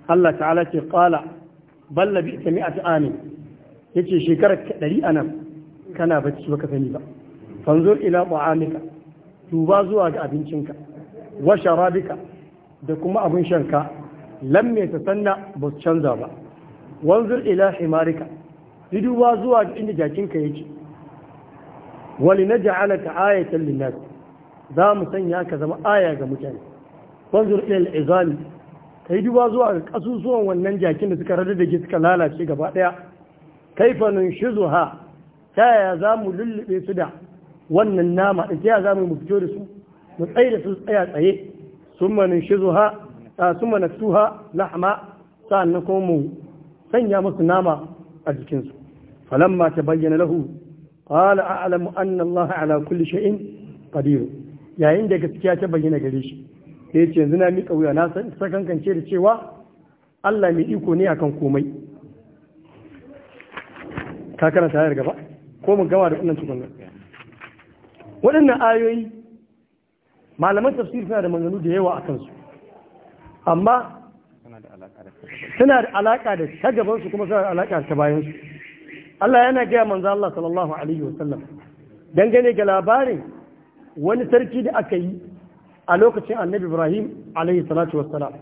Allah ta'ala ce ƙala. balla bi ta mi'at Ya yace shekarar ɗari anan kana bacci baka sani ba fanzur ila ta'amika duba zuwa ga abincinka wa sharabika da kuma abin shanka lam ta sanna ba su canza ba wanzur ila himarika duba zuwa ga inda jakinka yake wali na ja'alaka ayatan linnas za mu sanya ka zama aya ga mutane wanzur ila al'izami ka yi duba zuwa ƙasusuwan wannan jakin da suka rada da ke suka lalace gaba ɗaya Kaifanin nunshizu ha ta yaya za mu lullube su da wannan nama da ta yaya za mu fito da su mu tsaye da su tsaya tsaye summa nunshizu ha summa naksuha lahma sa'annan kuma mu sanya musu nama a jikinsu falamma ta bayyana lahu qala a'lamu anna allaha ala kulli shay'in qadir yayin da gaskiya ta bayyana gare shi da ya ce yanzu na miƙa wuya na sakankance da cewa Allah mai iko ne akan komai ka karanta ya gaba ko mu gama da wannan tukun waɗannan ayoyi malaman tafsir suna da manganu da yawa a kansu amma suna da alaƙa da ta gabansu kuma suna da alaƙa da ta bayansu Allah yana gaya manzo Allah sallallahu alaihi wasallam dangane ga labarin wani sarki da aka yi a lokacin annabi ibrahim alaihi salatu wassalam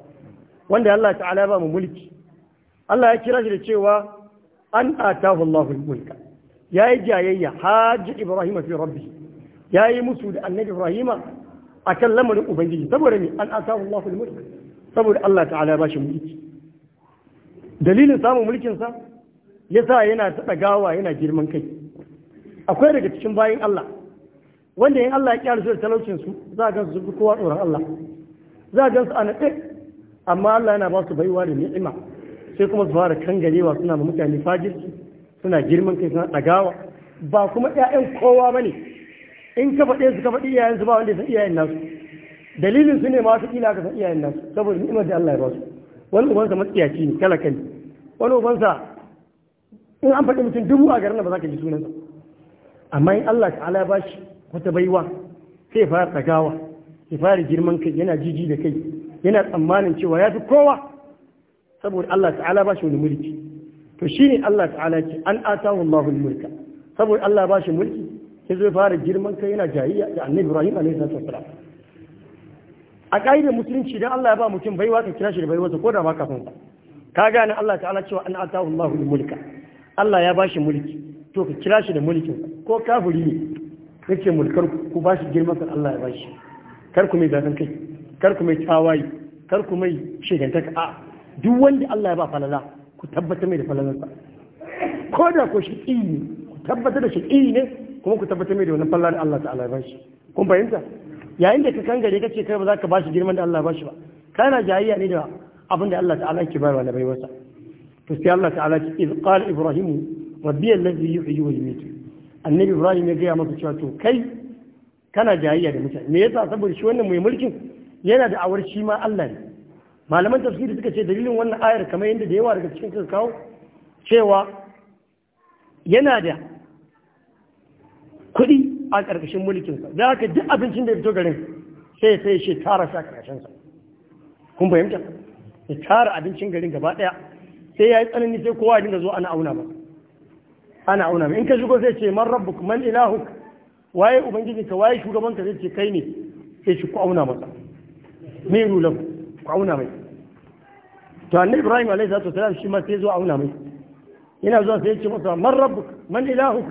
wanda Allah ta'ala ba mu mulki Allah ya kira shi da cewa an atahu Allahul mulka yayi jayayya haji ibrahim fi rabbi yayi musu da annabi ibrahim akan lamarin ubangiji saboda ne an atahu Allahul mulka saboda Allah ta'ala ba shi mulki dalilin samun mulkin sa yasa yana ta gawa yana girman kai akwai daga cikin bayin Allah wanda in Allah ya kyara su da talaucin su za a gansu su kowa tsoron Allah za a gansu a naɗe amma Allah yana ba su baiwa da ni'ima sai kuma su fara kangarewa suna ma mutane fajirci suna girman kai suna ɗagawa ba kuma ƴaƴan kowa ba ne in ka faɗe su ka faɗi iyayen su ba wanda ya san iyayen nasu dalilin su ne ma wata ƙila ka san iyayen nasu saboda ni'imar da Allah ya ba su wani ubansa matsiyaci ne kala kani wani ubansa in an faɗi mutum dubu a garin da ba za ka ji sunansa amma in Allah ta'ala ya ba shi wata baiwa sai fara tsagawa ya fara girman kai yana jiji da kai yana tsammanin cewa ya fi kowa saboda Allah ta'ala ba shi wani mulki to shi ne Allah ta'ala ce an atahu Allahul mulka saboda Allah ba shi mulki sai zai fara girman kai yana jahiyya da Annabi Ibrahim alaihi salam a ƙa'idar musulunci dan Allah ya ba mutum baiwa ka kira shi da baiwa ko da ba kafin ba ka gane Allah ta'ala cewa an atahu Allahul mulka Allah ya ba shi mulki to ka kira shi da mulkin ko kafiri ne ce mulkar ku ba shi girman san Allah ya ba shi kar ku mai zafin kai kar ku mai tawayi kar ku mai shigantaka a duk wanda Allah ya ba falala ku tabbatar mai da falalarsa ko da ko shi ne ku tabbatar da shi ne kuma ku tabbatar mai da wannan falalar Allah ta'ala ya ba shi kun fahimta yayin da ka kangare ka ce kai ba za ka ba shi girman da Allah ba shi ba kana jayayya ne da abin da Allah ta'ala ke bayarwa na baiwarsa to sai Allah ta'ala ce iz qala ibrahim rabbi allazi yuhyi wa yumiitu annabi ibrahim ya gaya masa cewa to kai kana jayayya da mutane me yasa saboda shi wannan mai mulkin yana da awar shi ma Allah ne malaman tafsiri suka ce dalilin wannan ayar kamar yadda da yawa daga cikin suka kawo cewa yana da kuɗi a ƙarƙashin sa za ka duk abincin da ya fito garin sai sai shi tara shi a sa kun fahimta ya tara abincin garin gaba ɗaya sai ya yi tsanani sai kowa ya dinga zo ana auna ba ana auna mai in ka shigo sai ce man rabbuk man ilahuk waye ubangiji ka waye shugaban ka zai ce kai ne sai shi ku auna masa me rulan ku auna mai to annabi ibrahim alayhi salatu wasalam shi ma sai zo auna mai yana zuwa sai ce masa man rabbuk man ilahuk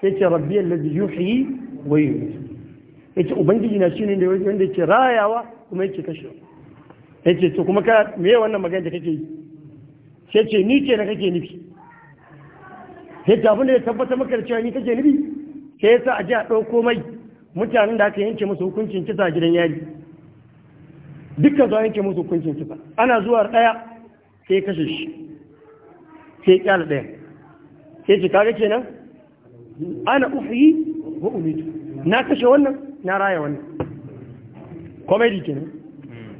sai ce rabbi alladhi yuhyi wa yumiitu yace ubangiji na shine da wanda yake rayawa kuma yake kashewa yace to kuma ka me wannan magana da kake yi sai ce ni ce na kake nufi yadda abin da ya tabbata maka da cewa ni kake nufi sai yasa a ji a ɗauko mai mutanen da aka yanke musu hukuncin kisa gidan yari dukkan zuwa yanke musu hukuncin kisa ana zuwa ɗaya sai kashe shi sai kyala ɗaya sai ce kaga kenan ana ufi wa umidu na kashe wannan na raya wannan komedi kenan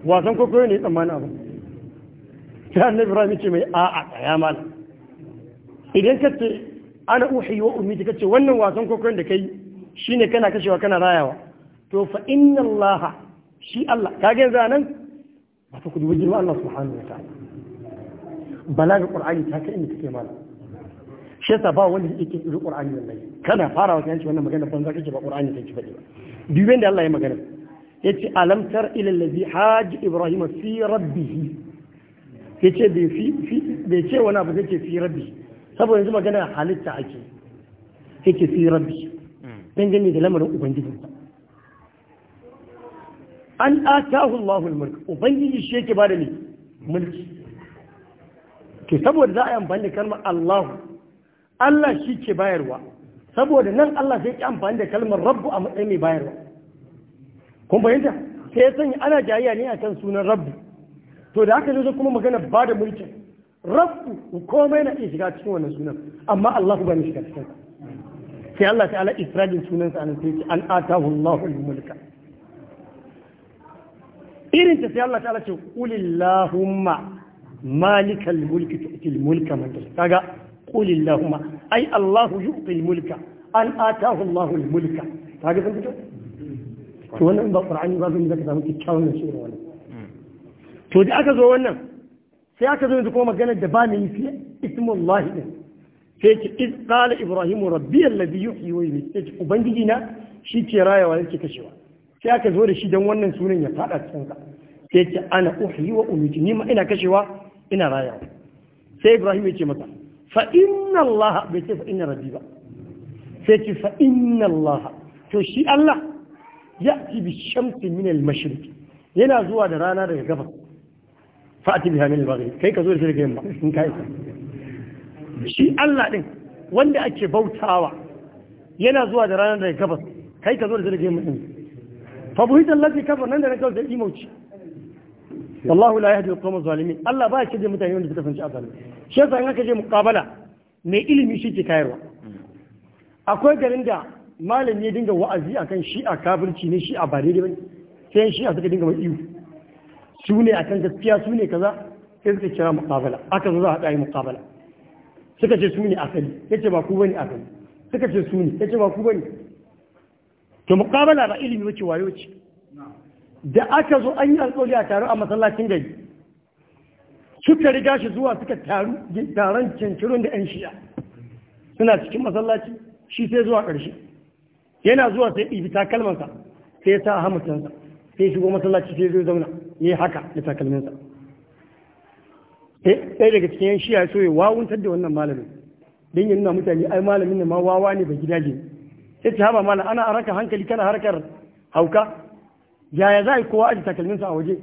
wasan kwaikwayo ne tsammanin abu ta annabi rami ce mai a'a tsaya malam idan ka ce ana uhi wa ummiti kace wannan wasan kokarin da kai shine kana kashewa kana rayawa to fa inna allaha shi Allah kage yanzu anan ba ta kudu wajen Allah subhanahu wa ta'ala balaga qur'ani ta kai inda kake mala shi yasa ba wanda yake kiri qur'ani wallahi kana fara wa yanci wannan magana banza kake ba qur'ani kake faɗi ba duk wanda Allah ya magana yace alam tar ila allazi haj ibrahim fi rabbih yace bai fi bai ce wani abu zai ce fi rabbih saboda yanzu magana halitta ake yake fi rabbi gani da lamarin ubangiji an atahu Allahu al-mulk ubangiji shi yake bada ne mulki to saboda za a yi amfani da kalmar Allahu, Allah shi ke bayarwa saboda nan Allah sai ke amfani da kalmar rabbu a matsayin mai bayarwa kun fahimta sai ya sanya ana jayayya ne akan sunan rabbu to da haka ne kuma magana ba da mulkin rafu komai na iya shiga cikin wannan sunan amma Allah ba ne shiga cikin sai Allah ta'ala isra'il sunan sa nan sai an atahu Allahu al-mulka irin ta sai Allah ta'ala ce qulillahumma malikal mulki tu'til mulka man tasha kaga qulillahumma ai Allahu yu'til mulka an atahu Allahu al-mulka kaga sun fito to wannan ba Qur'ani ba zan yi zaka samu kikkiawan shi wannan hmm. to da aka zo wannan sai aka zo yanzu kuma maganar da ba mu yi fiye ismullahi din sai ce iz qala ibrahimu rabbi alladhi yuhyi wa yumiit sai ce ubangiji na shi ke rayawa yake kashewa sai aka zo da shi dan wannan sunan ya fada cikin ka sai ce ana uhyi wa umiit ni ma ina kashewa ina rayawa sai ibrahim ya ce masa fa inna allaha bai ce fa inna rabbi ba sai ce fa inna allaha to shi allah ya'ti bi shamsi min al-mashriq yana zuwa da rana daga gabas fa'ati biha min al-maghrib kai ka zo da shi daga yamma in kai shi Allah din wanda ake bautawa yana zuwa da ranar daga gabas kai ka zo da shi daga yamma din fa buhitan lati kafar nan da na kawo da imauci wallahu la yahdi al-qawm az-zalimin Allah ba shi da mutane wanda suka fanci azali shi yasa in aka je muqabala mai ilimi shi ke kayarwa akwai garin da malami ya dinga wa'azi akan shi a kafirci ne shi a bare da bane sai shi a suka dinga mai iyo su ne kan gaskiya su ne kaza sai suka kira mukabala aka zo za a dai mukabala suka ce su ne kai, yace ba ku bane asali suka ce su ne yace ba ku bane to mukabala ba ilimi wace wayo ce da aka zo an yi alƙawari a taro a masallacin gari suka riga shi zuwa suka taru taron cancirun da yan shiya suna cikin masallaci shi sai zuwa ƙarshe yana zuwa sai ɗibi takalmansa sai ya sa hamutansa sai shigo masallaci sai zai zauna yi eh, haka da takalminsa sai eh, daga cikin yan shiya so ya wawuntar da wannan malamin don ya nuna mutane ai malamin da ma wawa ne ba ne sai ta haɓa malam ana haraka hankali kana harkar hauka yaya za a yi kowa aji takalminsa a waje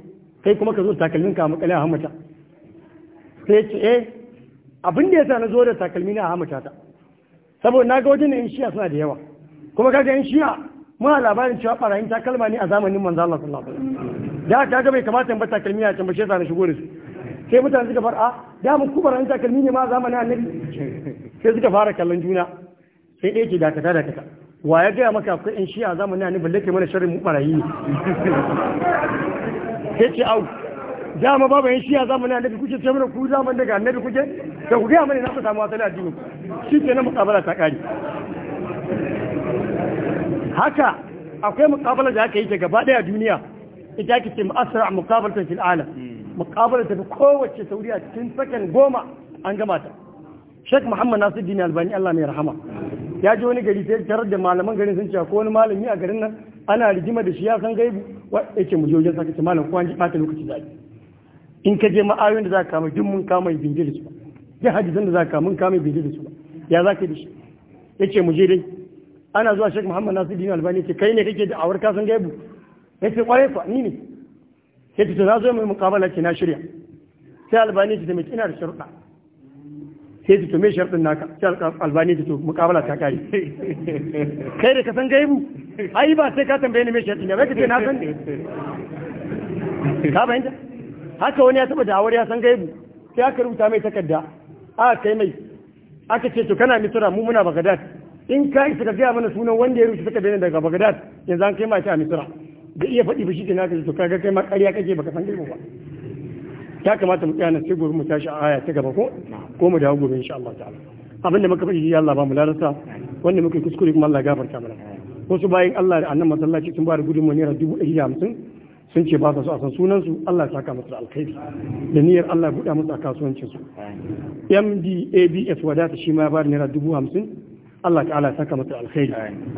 kai kuma ka zo takalminka a makalin a hamata sai ce eh abin da ya sa na zo da takalmi na a hamata ta saboda na ga wajen yan shiya suna da yawa kuma kaga yan shiya muna labarin cewa ta kalma ne a zamanin manzo Allah sallallahu alaihi wasallam da aka gaba bai kamata in ba takalmi a can ba shi na shigo da su sai mutane suka fara a da mu ku barayin takalmi ne ma zamanin annabi sai suka fara kallon juna sai ɗaya ke dakata dakata wa ya gaya maka akwai in shi a zamanin annabi balle kai mana sharrin mu barayi ne sai ce au ma babu in shi a zamanin annabi kuke ce mana ku zaman daga annabi kuke da ku gaya mana na ku samu asali addini shi ke na mukabala ta kare haka akwai mukabala da aka yi ta baɗe a duniya ita ake ce ma'asara mukabalta fil ala hmm. mukabala ta fi kowace sauri a cikin sakan goma an gama ta Sheikh Muhammad dini Albani Allah mai rahama ya ji wani gari sai tarar da malaman garin sun cewa ko wani malami a garin nan ana rigima da shi ya san gaibu yake mu je wajen saka ce malam ko an ji bata lokaci da in ka je ma'ayoyin da za ka kama duk mun kama bindi da su ba duk hadisan da za ka mun kama bindi da su ba ya za ka yi da shi yace mu je dai ana zuwa Sheikh Muhammad dini Albani ce kai ne kake da awar kasan gaibu ce kwarai fa ni ne ya ce na zo mai muqabala ce na shirya sai Albani ce ta mai ina da sharuɗa sai ce to me sharuɗin naka sai Albani ce to muqabala ta kai <laughs> kai da kasan gaibu ai ba sai ka tambaye ni me sharuɗin ne ba ce na san ne? ka bayyana haka wani ya taba da awar ya san gaibu sai aka rubuta mai takarda aka kai mai aka ce to kana misira mu muna bagadad in ka isa ka gaya mana sunan wanda ya suka takarda daga Baghdad yanzu an kai ma ta Misra da iya faɗi ba shi ke naka to kaga kai ma ƙarya kake baka san girma ba ya kamata mu tsaya sai gobe mu tashi a aya ta gaba ko ko mu dawo gobe insha Allah ta'ala abinda muka faɗi ya Allah ba mu lalata wanda muka kuskure kuma Allah gafarta mana wasu bayan Allah da annabi masallaci sun ba da gudunmu naira dubu ɗari da hamsin sun ce ba sa su a san sunan su Allah ya saka musu alkhairi da niyyar Allah ya buɗa musu a kasuwancin su MDABS wadata shi ma ya ba naira dubu hamsin Allah ta'ala ya saka mata alkhairi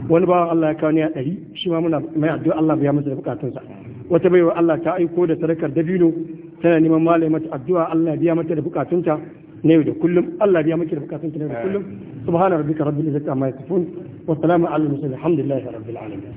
wani bawan Allah ya kawo ne a ɗari shi ma muna mai addu'a Allah ya masa da bukatunsa wata baiwa Allah ta aiko da sadakar dabino tana neman malai mata addu'a Allah ya biya mata da bukatunta na yau da kullum Allah ya biya mata da bukatunta na yau da kullum subhana rabbika rabbil izzati amma yasifun wa salamun alal mursalin alhamdulillahi rabbil alamin